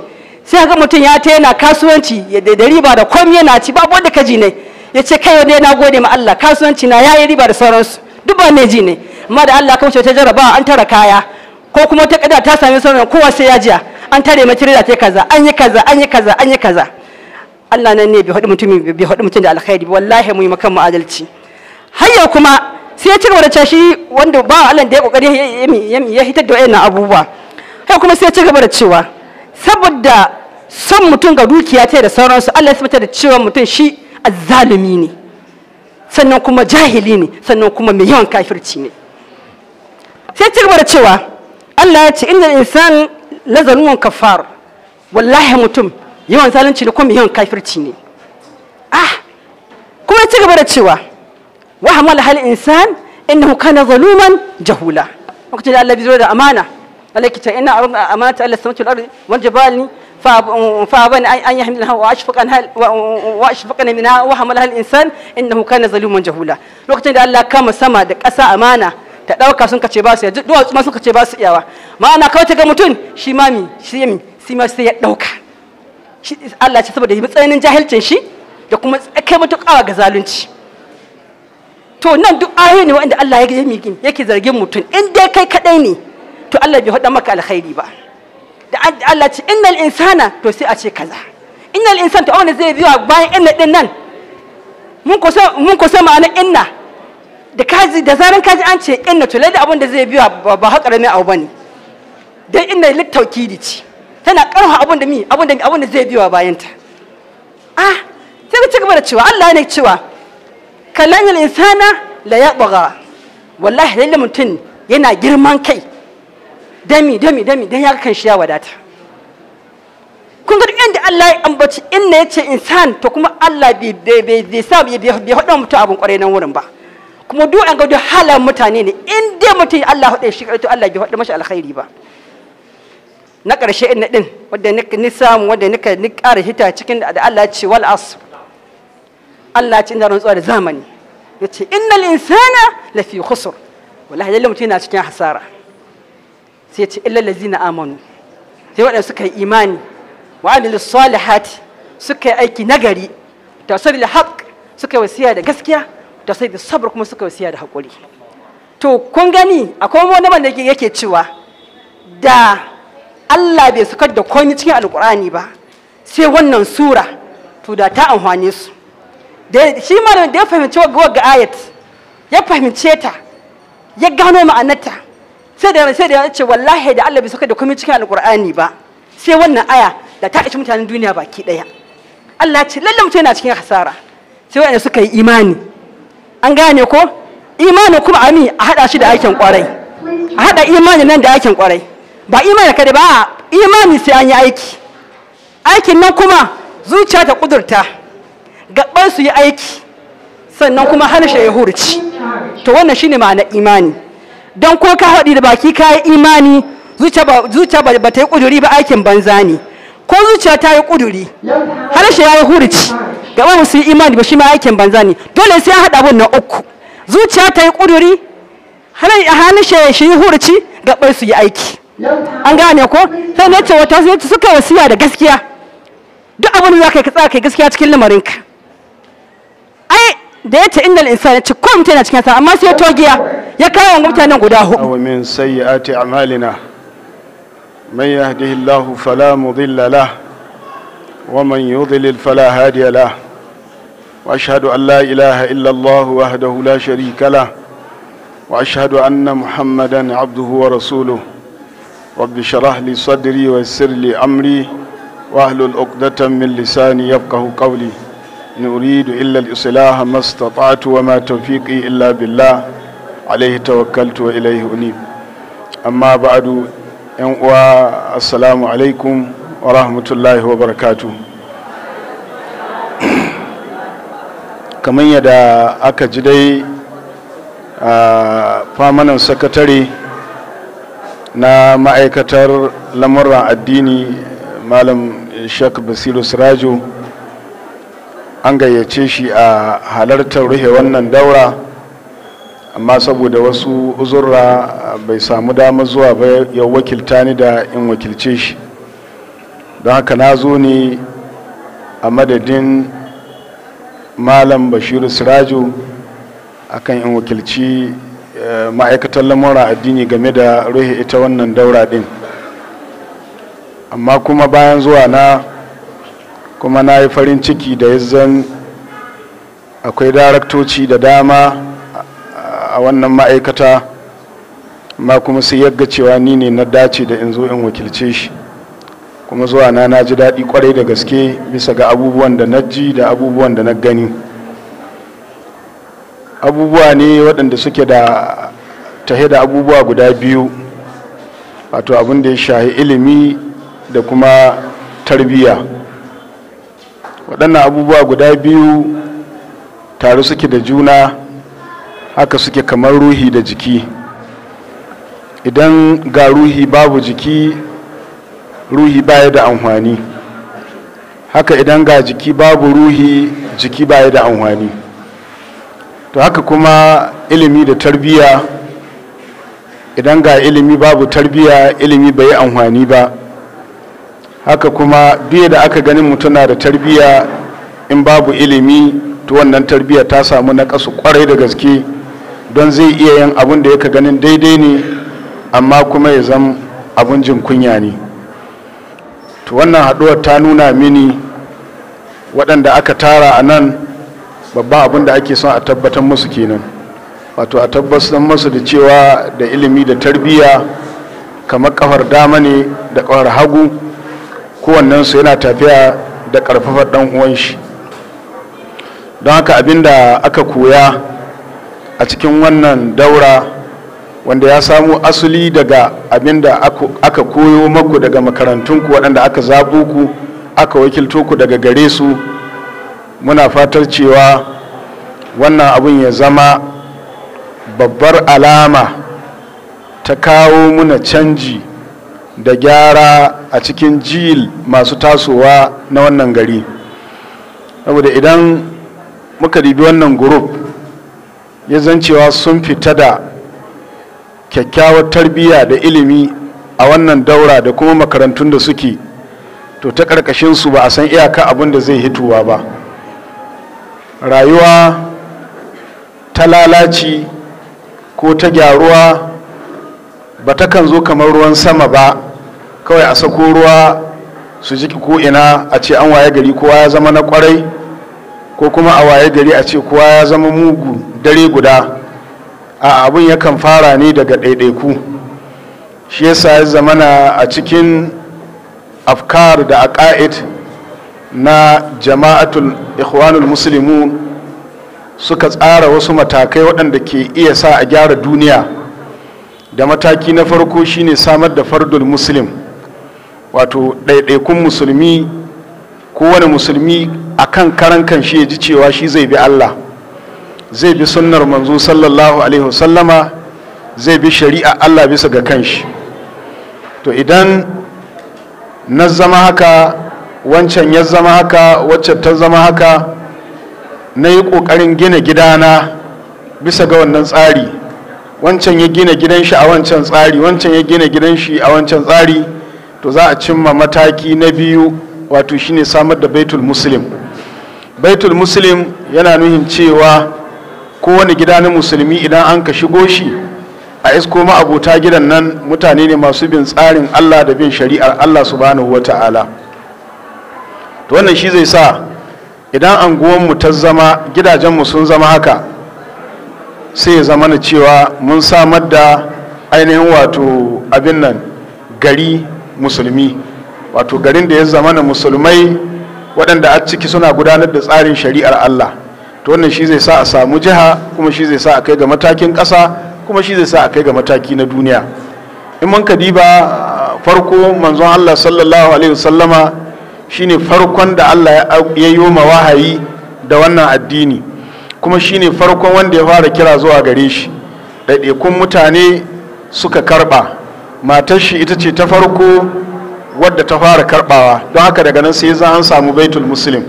sai ga mutum ya ta yana kasuwanci da riba da komai yana ci babu wanda kaji ne ya ce kai ne na gode ma Allah kasuwanci na yayi riba da sauransu duk ba ne ji ne amma da Allah kauce ta jaraba an tara kaya ko kuma ta kada ta sami sauran kowa sai ya jiya an tare mata rida ta kaza an yi kaza an yi kaza an yi kaza Allah nan ne bai haɗu mutum bai haɗu mutum da alkhairi wallahi mu yi makan mu adalci hayya kuma sai ya cigaba da cashi wanda ba Allah da ya kokari ya hitar da wayannan abubuwa hayya kuma sai ya cigaba da cewa saboda son mutum ga dukiya ta da sauransu Allah ya sabata da cewa mutum shi azzalimi ne sannan kuma jahili ne sannan kuma mai yawan kafirci ne sai ci gaba da cewa Allah ya ce inda insan lazanuwan kafar wallahi mutum yawan zalunci ne kuma mai yawan kafirci ne ah kuma ya ci gaba da cewa wa hamal hal insan innahu kana zaluman jahula lokacin da Allah bi da amana alaikita ina ta Allah samatu al-ardi wal jibali فابن ان يحملها واشفق انها واشفق منها وحملها الانسان انه كان ظلوما جهولا وقت ان الله كما سما ده قسا امانه ta سن sun باس يا دو ما سن ma باس kace ما انا iyawa ma'ana ga mutun shi mami shi mi shi ma sai ya dauka shi Allah ce saboda tsananin jahilcin shi da kuma kai matuƙawa ga zalunci to nan duk ayoyi ne wanda Allah ya yake zargin mutun in dai kai kadai ne to Allah bai hada maka alkhairi ba da Allah ce innal insana to sai a ce kaza innal insana to wanda zai biya bayan inna din nan mun kusa mun kusa ma'ana inna da kazi da zaran kaji an ce inna to lalle abin da zai biya ba ha karamin abu bane dan inna littaukidi ce tana karfa abin da mi abin da abin da zai biya bayan ta ah sai ka cigaba da cewa Allah ne cewa kallan insana la yabgha wallahi lalle mutum yana girman kai dami dami dami dan ya kan shiya ya wadata kun ga inda Allah ya ambaci inna yace insan to kuma Allah bai bai bai sa bai hada mutu abun kware nan wurin ba kuma duk an ga duk halan mutane ne in dai mutum Allah hada shi to Allah bai hada mashi alkhairi ba na ƙarshe inna din wanda ni samu wanda nika ni ƙara hita cikin da Allah ya ce wal as Allah ya ce ina rantsuwa da zamani yace innal insana lafi khusr wallahi lalle mutum yana cikin hasara sai ce illal zina amanu sai waɗanda suka yi imani wa amilu salihati suka yi aiki nagari ta tasar da haƙ suka yi wasiya da gaskiya ta tasar da sabr kuma suka yi wasiya da haƙuri to kun gani akwai wani wanda yake cewa da Allah bai suka da komai cikin alƙur'ani ba sai wannan sura to da ta amfane su shi ma da ya fahimci wa ga ayat ya fahimce ta ya gano ma'anarta sai da sai da ce wallahi da Allah bai saka da komai cikin alqur'ani ba sai wannan aya da ta ishi mutanen duniya baki daya Allah ya ce lalle mutum yana cikin hasara sai wanda suka yi imani an gane ko imani kuma ami a hada shi da aikin kwarai a hada imani nan da aikin kwarai ba imani kada ba imani sai an yi aiki aikin nan kuma zuciya ta kudurta gaban su yi aiki sannan kuma hana shi ya hurci to wannan shine ma'anar imani don ko ka haɗi da baki ka yi imani zuciya ba ta yi ƙuduri ba aikin banza ne ko zuciya ta yi ƙuduri harshe ya yi hurici gaba ba su yi imani ba shi ma aikin banza ne dole sai ya haɗa abun na uku zuciya ta yi ƙuduri harshe shi yi hurici gaba su yi aiki an gane ko sai ne ce wata suka wasiya da gaskiya duk abin da za ka yi ka tsaya kai gaskiya cikin lamarinka da ya ce innal insani ci ko mutum yana cikin sa amma sai ya togiya ya kawo mutanen guda hudu aw min sayyiati a'malina man Allah fala mudilla la wa man yudlil fala hadiya la wa ashhadu an la ilaha illa allah wahdahu la sharika la wa ashhadu anna muhammadan abduhu wa rasuluh رب اشرح لي صدري ويسر لي امري واحلل عقدة من لساني يفقه قولي in uridu illa al-islah ma istata'tu wa ma tawfiqi illa billah alayhi tawakkaltu wa ilayhi unib amma ba'du yan uwa assalamu alaikum wa rahmatullahi wa barakatuh kaman yadda aka ji dai famanan sakatare na ma'aikatar lamuran addini malam shek basiru sirajo an gayyace shi a halartar rufe wannan daura amma saboda wasu uzurra bai samu damar zuwa ba ya wakilta ni da in wakilce shi don haka na zo ne a madadin malam bashiru siraju akan in wakilci eh, ma'aikatar lamura addini game da ruhe ita wannan daura din amma kuma bayan zuwa na kuma na yi farin ciki da yanzan akwai daraktoci da dama a wannan ma'aikata ma kuma sai yagga cewa ni ne na dace da in zo in wakilce shi kuma zuwa na na ji daɗi kwarai da gaske bisa ga abubuwan da na ji da abubuwan da na gani abubuwa ne waɗanda suke da tahe da abubuwa guda biyu wato abin da ya shahi ilimi da kuma tarbiyya waɗannan abubuwa guda biyu tare suke da juna haka suke kamar ruhi da jiki idan ga ruhi babu jiki ruhi baya da amfani haka idan ga jiki babu ruhi jiki baya da amfani to haka kuma ilimi da tarbiyya idan ga ilimi babu tarbiyya ilimi bai yi amfani ba haka kuma biye da aka ganin mutuna da tarbiyya in babu ilimi to wannan tarbiyya ta samu na kasu kwarai da gaske don zai iya yin abin da yaka ganin daidai ne amma kuma ya zama abin jin kunya ne to wannan haɗuwar ta nuna mini waɗanda aka tara a nan babban abun da ake son a tabbatar musu kenan wato a tabbatar musu da cewa da ilimi da tarbiyya kamar kafar dama ne da kawar hagu kowannensu yana tafiya da ƙarfafar ɗan uwan shi don haka abinda aka koya a cikin wannan daura wanda ya samu asali daga abinda aka koyo maku daga makarantunku waɗanda aka zaɓo ku aka wakilto ku daga gare su muna fatar cewa wannan abin ya zama babbar alama ta kawo muna canji da gyara a cikin jil masu tasowa na wannan gari saboda idan muka dibi wannan group ya zancewa sun fita da kyakkyawar tarbiyya da ilimi a wannan daura da kuma makarantun da suke to ta ƙarƙashinsu ba a san iyaka abin da zai hituwa ba rayuwa ta lalaci ko ta gyaruwa ba ta kan zo kamar ruwan sama ba kawai a sako ruwa su jiki ko ina a ce an waye gari kowa ya zama na kwarai ko kuma a waye gari a ce kowa ya zama mugu dare guda a abin kan fara ne daga ɗaiɗaiku shi yasa ya zamana a cikin afkar da aqaid na jama'atul ikhwanul muslimun suka tsara wasu matakai waɗanda ke iya sa a gyara duniya da mataki na farko shine samar da fardul muslim wato ɗaiɗaikun musulmi kowane musulmi a kan karan kan shi ya ji cewa shi zai bi allah zai bi sunnar manzo sallallahu alaihi wasallama zai bi shari'a allah bisa ga kanshi to idan na zama haka wancan ya zama haka wacce ta zama haka na yi ƙoƙarin gina gidana bisa ga wannan tsari wancan ya gina gidan shi a wancan tsari wancan ya gina gidan shi a wancan tsari to za a cimma mataki na biyu wato shine samar da baitul muslim baitul muslim yana nuhin cewa kowane gida na musulmi idan an ka shigo shi a isko ma'abota gidan nan mutane ne masu bin tsarin allah da bin shari'ar allah subhanahu wa ta'ala to wannan shi zai sa idan anguwanmu ta zama gidajenmu sun zama haka sai ya zama cewa mun samar da ainihin wato abin nan gari musulmi wato garin da ya zama na musulmai waɗanda a ciki suna gudanar da tsarin shari'ar Allah to wannan shi zai sa a samu jiha kuma shi zai sa a kai ga matakin ƙasa kuma shi zai sa a kai ga mataki na duniya in mun ka diba farko manzon Allah sallallahu alaihi wasallama shine farkon da Allah ya yi wa wahayi da wannan addini kuma shine farkon wanda ya fara kira zuwa gare shi ɗaiɗaikun mutane suka karɓa matar shi ita ce ta farko wadda ta fara karɓawa don haka daga nan sai za an samu baitul muslim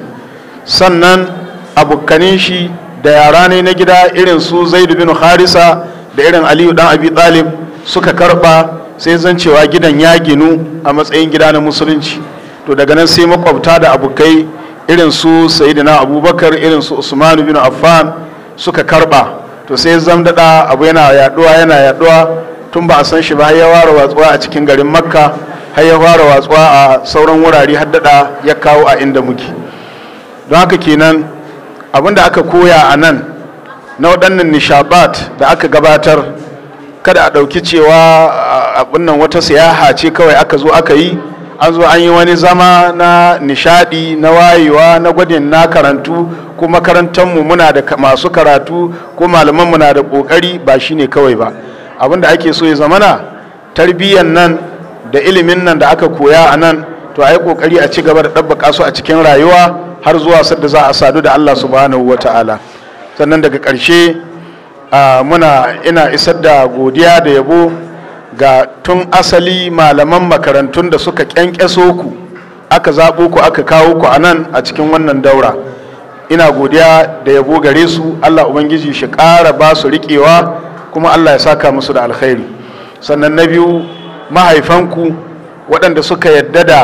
sannan abokanin shi da yara ne na gida irin su zaidu bin harisa da irin aliyu dan abi talib suka karɓa sai zan cewa gidan ya ginu a matsayin gida na musulunci to daga nan sai makwabta da abokai irin su sayidina abubakar irin su usman bin affan suka karba to sai zan dada abu yana yaduwa yana yaduwa tun ba a san shi ba har ya fara watsuwa a cikin garin makka har ya fara watsuwa a sauran wurare har dada ya kawo a inda muke don haka kenan abinda aka koya a nan na waɗannan nishabat da aka gabatar kada a ɗauki cewa abin nan wata siyaha ce kawai aka zo aka yi an zo an yi wani zama na nishadi na wayewa na gwadin na karantu makarantar mu muna da masu karatu ko malaman muna da kokari ba shine kawai ba da ake so ya zama na tarbiyyar nan da ilimin nan da aka koya a nan to a yi kokari a ci gaba da ɗabbaka su a cikin rayuwa har zuwa sadda za a sadu da allah subhanahu wata'ala ta'ala sannan daga karshe muna ina isar da godiya da yabo ga tun asali malaman makarantun da suka kyankyaso ku aka zaɓo ku aka kawo ku a nan a cikin wannan daura ina godiya da yabo gare su allah ubangiji shi ƙara ba su riƙewa kuma allah ya saka musu da alkhairi sannan na biyu mahaifanku waɗanda suka yadda da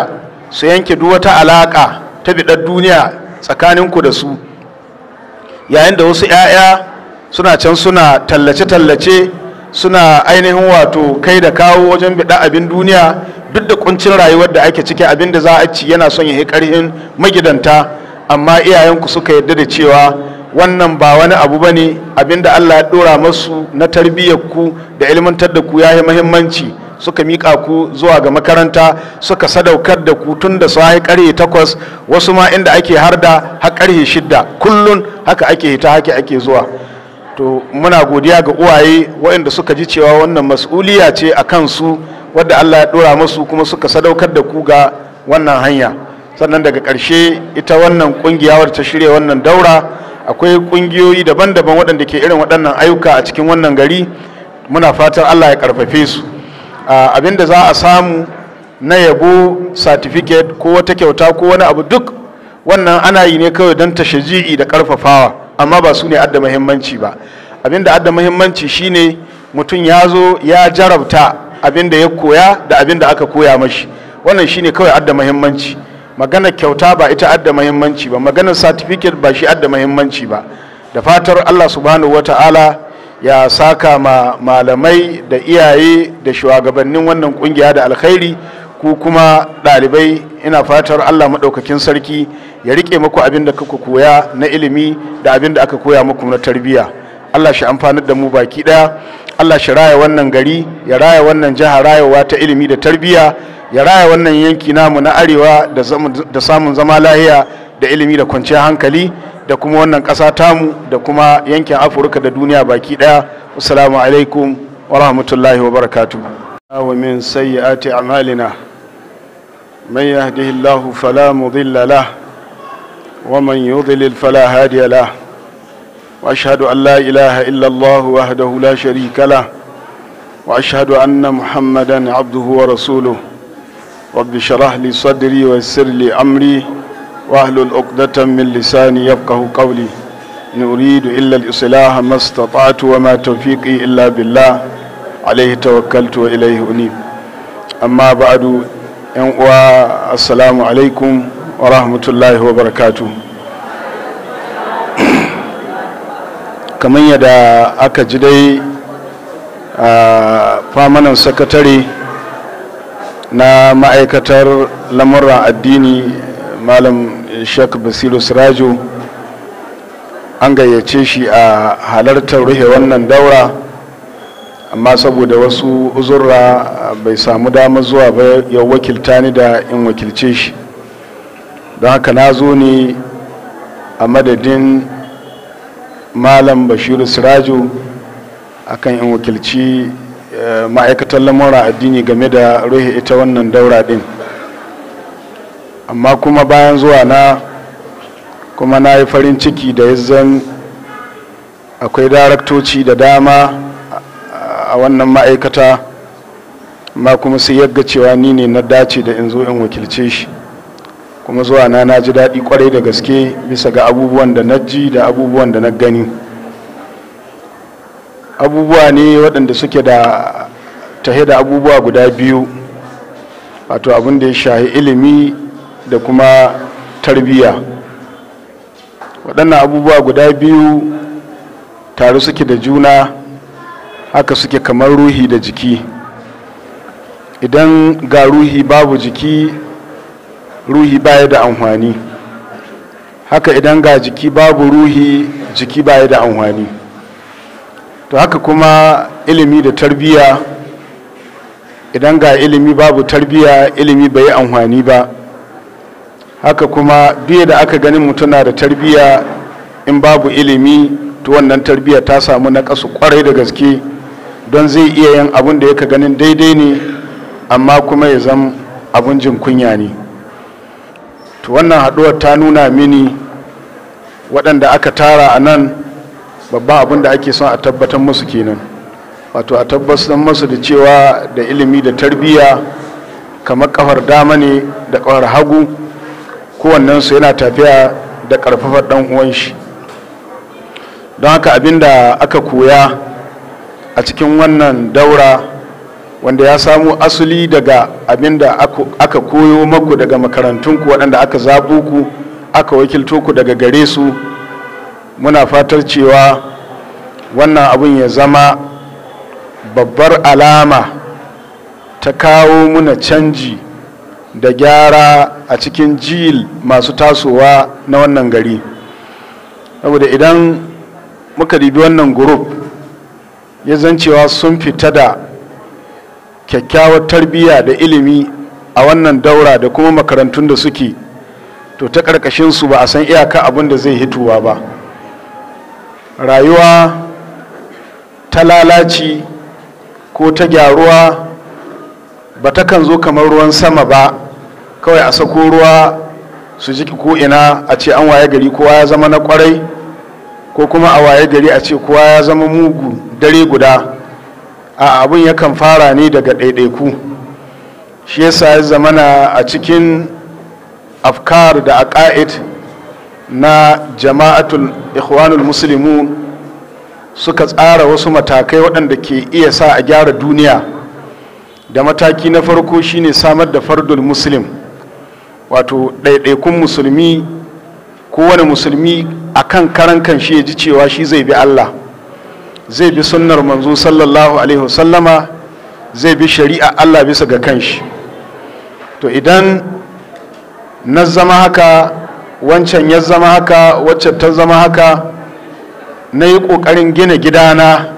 su yanke duk wata alaƙa ta biɗar duniya tsakaninku da su yayin da wasu 'ya'ya suna can suna tallace-tallace suna ainihin wato kai da kawo wajen bida abin duniya duk da kuncin rayuwar da ake ciki abin da za a ci yana son ya yi karhin magidanta amma iyayenku suka yarda da cewa wannan ba wani abu ba ne abin da allah ya dora masu na tarbiyyarku da ilmantar da ku ya yi mahimmanci suka miƙa ku zuwa ga makaranta suka sadaukar da ku tun da sahi ƙarhe takwas wasu ma inda ake harda har ƙarhe shidda kullun haka ake ta haka ake zuwa to muna godiya ga uwaye waɗanda suka ji cewa wannan mas'uliya ce a kansu wadda Allah ya ɗora musu kuma suka sadaukar da ku ga wannan hanya sannan daga ƙarshe ita wannan ƙungiya wadda ta shirya wannan daura akwai ƙungiyoyi daban-daban waɗanda ke irin waɗannan ayyuka a cikin wannan gari muna fatan Allah ya ƙarfafe su abin da za a samu na yabo satifiket ko wata kyauta ko wani abu duk wannan ana yi ne kawai don tashaji'i da ƙarfafawa amma ba su ne adda muhimmanci ba abin da adda muhimmanci shine mutum ya zo ya jarabta abin da ya koya da abin da aka koya mashi wannan shine kawai adda muhimmanci maganar kyauta ba ita adda muhimmanci ba maganar certificate ba shi adda muhimmanci ba da fatar Allah subhanahu wata'ala ya saka ma malamai da iyaye da shugabannin wannan kungiya da alkhairi ku kuma ɗalibai ina fatar allah maɗaukakin sarki ya riƙe muku abin da kuka koya na ilimi da abin da aka koya muku na tarbiyya allah shi amfanar da mu baki ɗaya allah shi raya wannan gari ya raya wannan jiha rayuwa ta ilimi da tarbiyya ya raya wannan yanki namu na arewa da samun zama lahiya da ilimi da kwanciyar hankali da kuma wannan ƙasa tamu da kuma yankin afirka da duniya baki ɗaya assalamu alaikum wa rahmatullahi wa barakatuh min سيئات amalina. من يهده الله فلا مضل له ومن يضلل فلا هادي له واشهد ان لا اله الا الله وحده لا شريك له واشهد ان محمدا عبده ورسوله رب اشرح لي صدري ويسر لي امري وأهل عقده من لساني يفقه قولي ان اريد الا الاصلاح ما استطعت وما توفيقي الا بالله عليه توكلت واليه انيب اما بعد yan uwa assalamu alaikum wa rahmatullahi wa barakatu kamar yadda aka ji dai a famanan sakatare na ma'aikatar lamurran addini malam shek basiru sirajo an gayyace shi a halartar ruhe wannan daura amma saboda wasu uzurra bai samu damar zuwa ba ya wakilta ni da in wakilce shi don haka na zo ne a madadin malam bashiru siraju akan in wakilci eh, ma'aikatar lamura addini game da ruhi ita wannan daura din amma kuma bayan zuwa na kuma na yi farin ciki da yanzu akwai daraktoci da dama a wannan ma'aikata ma kuma sai yagga cewa ni ne na dace da in zo in wakilce shi kuma zuwa na na ji daɗi kwarai da gaske bisa ga abubuwan da na ji da abubuwan da na gani abubuwa ne waɗanda suke da tahe da abubuwa guda biyu wato abin da ya shahi ilimi da kuma tarbiyya waɗannan abubuwa guda biyu tare suke da juna haka suke kamar ruhi da jiki idan ga ruhi babu jiki ruhi baya da amfani haka idan ga jiki babu ruhi jiki baya da amfani to haka kuma ilimi da tarbiyya idan ga ilimi babu tarbiyya ilimi bai yi amfani ba haka kuma biye da aka ganin mutuna da tarbiyya in babu ilimi to wannan tarbiyya ta samu na kwarai da gaske don zai iya yin abin da yaka ganin daidai ne amma kuma ya zama abin jin kunya ne to wannan haɗuwar ta nuna mini waɗanda aka tara a nan babban abin da ake son a tabbatar musu kenan wato a tabbatar musu da cewa da ilimi da tarbiyya kamar kafar dama ne da kafar hagu kowannensu yana tafiya da ƙarfafar ɗan uwan shi don haka abin da aka koya a cikin wannan daura wanda ya samu asali daga abinda aka koyo maku daga makarantunku waɗanda aka zaɓo ku aka wakilto ku daga gare su muna fatar cewa wannan abin ya zama babbar alama ta kawo muna canji da gyara a cikin jil masu tasowa na wannan gari saboda idan muka dibi wannan group ya zancewa sun fita da kyakkyawar tarbiyya da ilimi a wannan daura da kuma makarantun da suke to ta su ba a san iyaka abin da zai hituwa ba rayuwa ta lalaci ko ta gyaruwa ba ta kan zo kamar ruwan sama ba kawai a sako ruwa su jiki ko ina a ce an waye gari kowa ya zama na kwarai ko kuma a waye gari a ce kowa ya zama mugu dare guda a abin yakan fara ne daga ɗaiɗaiku shi yasa ya zamana a cikin afkar da aƙa'id na jama'atul ikhwanul muslimun suka tsara wasu matakai waɗanda ke iya sa a gyara duniya da mataki na farko shine samar da fardul muslim wato ɗaiɗaikun musulmi kowane musulmi a kan karan kan shi ya ji cewa shi zai bi Allah zai bi sunnar manzo sallallahu alaihi wasallama zai bi shari'a Allah bisa ga kanshi to idan na zama haka wancan ya zama haka wacce ta zama haka na yi ƙoƙarin gina gidana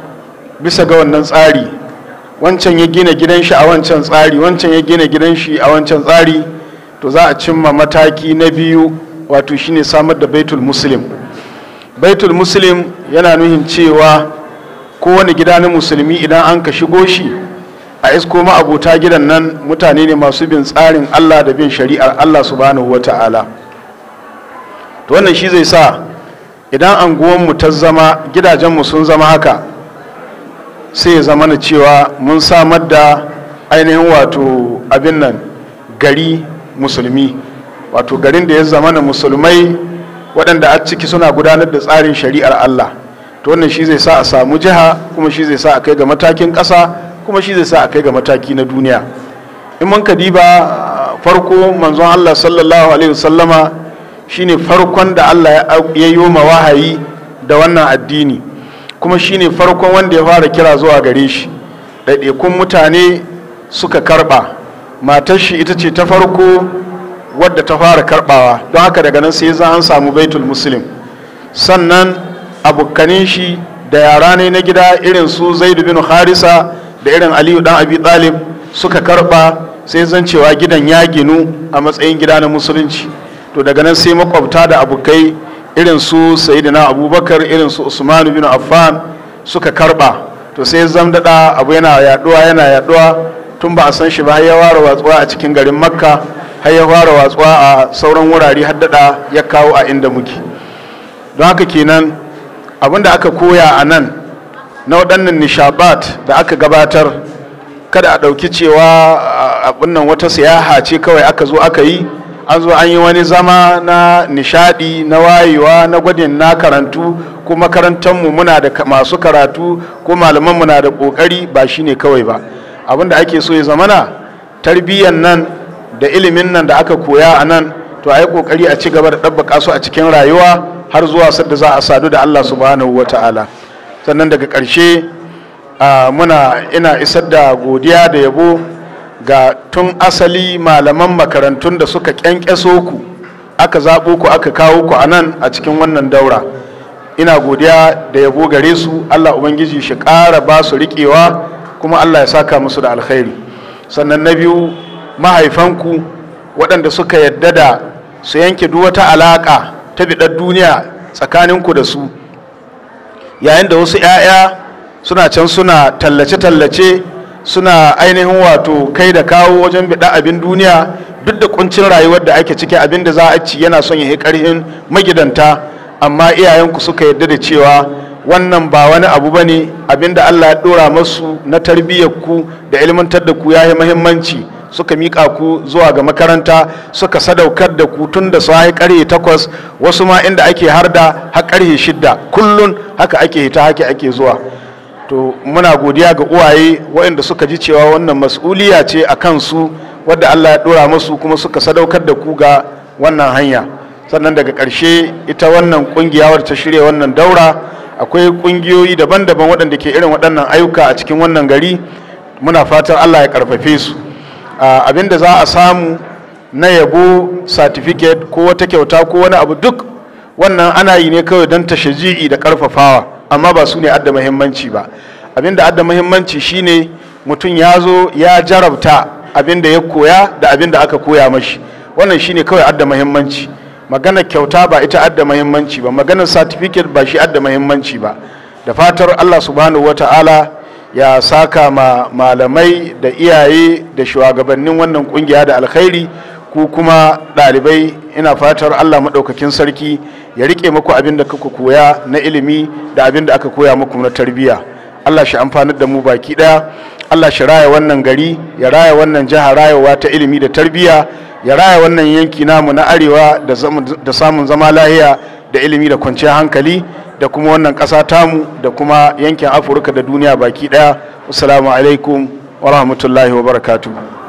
bisa ga wannan tsari wancan ya gina gidan shi a wancan tsari wancan ya gina gidan shi a wancan tsari to za a cimma mataki na biyu wato shine samar da baitul muslim baitul muslim yana nuhin cewa kowane gida na musulmi idan an ka shigo shi a isko ma'abuta gidan nan mutane ne masu bin tsarin allah da bin shari'ar allah subhanahu wa ta'ala to wannan shi zai sa idan mu ta zama gidajenmu sun zama haka sai ya zama na cewa mun samar da ainihin wato abin nan gari musulmi wato garin da ya zama na musulmai waɗanda a ciki suna gudanar da tsarin shari'ar Allah to wannan shi zai sa a samu jiha kuma shi zai sa a kai ga matakin ƙasa kuma shi zai sa a kai ga mataki na duniya in mun diba ah, farko manzon Allah sallallahu alaihi wasallama shine farkon da Allah ya yi ma wahayi da wannan addini kuma shine farkon wanda ya fara kira zuwa gare shi ɗaiɗaikun mutane suka karɓa matar shi ita ce ta farko wadda ta fara karbawa don haka daga nan sai za an samu baitul muslim sannan abokanin shi da yara ne na gida irin su zaidu bin harisa da irin aliyu dan abi talib suka karba sai zan cewa gidan ya ginu a matsayin gida na musulunci to daga nan sai makwabta da abokai irin su na abubakar irin su usman bin affan suka karba to sai zan daɗa abu yana yaduwa yana yaduwa tun ba a san shi ba ya ware watsuwa a cikin garin makka har ya fara watsuwa a sauran wurare haddada ya kawo a inda muke don haka kenan abinda aka koya a nan na waɗannan nishabat da aka gabatar kada a ɗauki cewa abin wata siyaha ce kawai aka zo aka yi an zo an yi wani zama na nishadi na wayewa na gwadin na karantu ko mu muna da masu karatu ko malamanmu na da ƙoƙari ba shine kawai ba abin da ake so ya zamana tarbiyyar nan da ilimin nan da aka koya a nan to a yi kokari a ci gaba da ɗabbaka su a cikin rayuwa har zuwa sadda za a sadu da Allah subhanahu wa ta'ala sannan daga ƙarshe muna ina isar da godiya da yabo ga tun asali malaman makarantun da suka ƙyanƙyaso ku aka zaɓo ku aka kawo ku a nan a cikin wannan daura ina godiya da yabo gare su Allah ubangiji shi ƙara ba su riƙewa kuma Allah ya saka musu da alkhairi sannan na biyu mahaifanku waɗanda suka yadda da su yanke duk wata alaƙa ta biɗar duniya tsakaninku da su yayin da wasu 'ya'ya suna can suna tallace-tallace suna ainihin wato kai da kawo wajen biɗa abin duniya duk da ƙuncin rayuwar da ake ciki abin da za a ci yana son ya yi ƙarhin magidanta amma iyayenku suka yadda da cewa wannan ba wani abu ba ne abin da allah ya ɗora masu na tarbiyyar ku da ilmantar da ku ya yi muhimmanci suka miƙa ku zuwa ga makaranta suka sadaukar da ku tun da sai ƙarhe takwas wasu ma inda ake harda har ƙarhe shidda kullun haka ake hita haka ake zuwa to muna godiya ga uwaye waɗanda suka ji cewa wannan mas'uliya ce a kansu wadda Allah ya dora musu kuma suka sadaukar da ku ga wannan hanya sannan daga ƙarshe ita wannan ƙungiya wadda ta shirya wannan daura akwai ƙungiyoyi daban-daban waɗanda ke irin waɗannan ayyuka a cikin wannan gari muna fatan Allah ya ƙarfafe su abinda za a samu na yabo certificate ko wata kyauta ko wani abu duk wannan ana yi ne kawai don tashaji'i da karfafawa amma ba su ne adda muhimmanci ba abinda adda muhimmanci shine mutum ya zo ya jarabta abinda ya koya da abinda aka koya mashi wannan shine kawai adda muhimmanci maganar kyauta ba ita adda muhimmanci ba maganar certificate ba shi adda muhimmanci ba da fatar Allah subhanahu wata'ala ya saka ma malamai da iyaye da shugabannin wannan kungiya da alkhairi ku kuma dalibai ina fatar allah maɗaukakin sarki ya rike muku abin da kuka koya na ilimi da abin da aka koya muku na tarbiyya allah shi amfanar da mu baki ɗaya allah shi raya wannan gari ya raya wannan jiha rayuwa ta ilimi da tarbiyya ya raya wannan yanki namu na arewa da samun zama lahiya da ilimi da kwanciyar hankali da kuma wannan ƙasa tamu da kuma yankin afirka da duniya baki ɗaya assalamu alaikum wa rahmatullahi wa barakatuh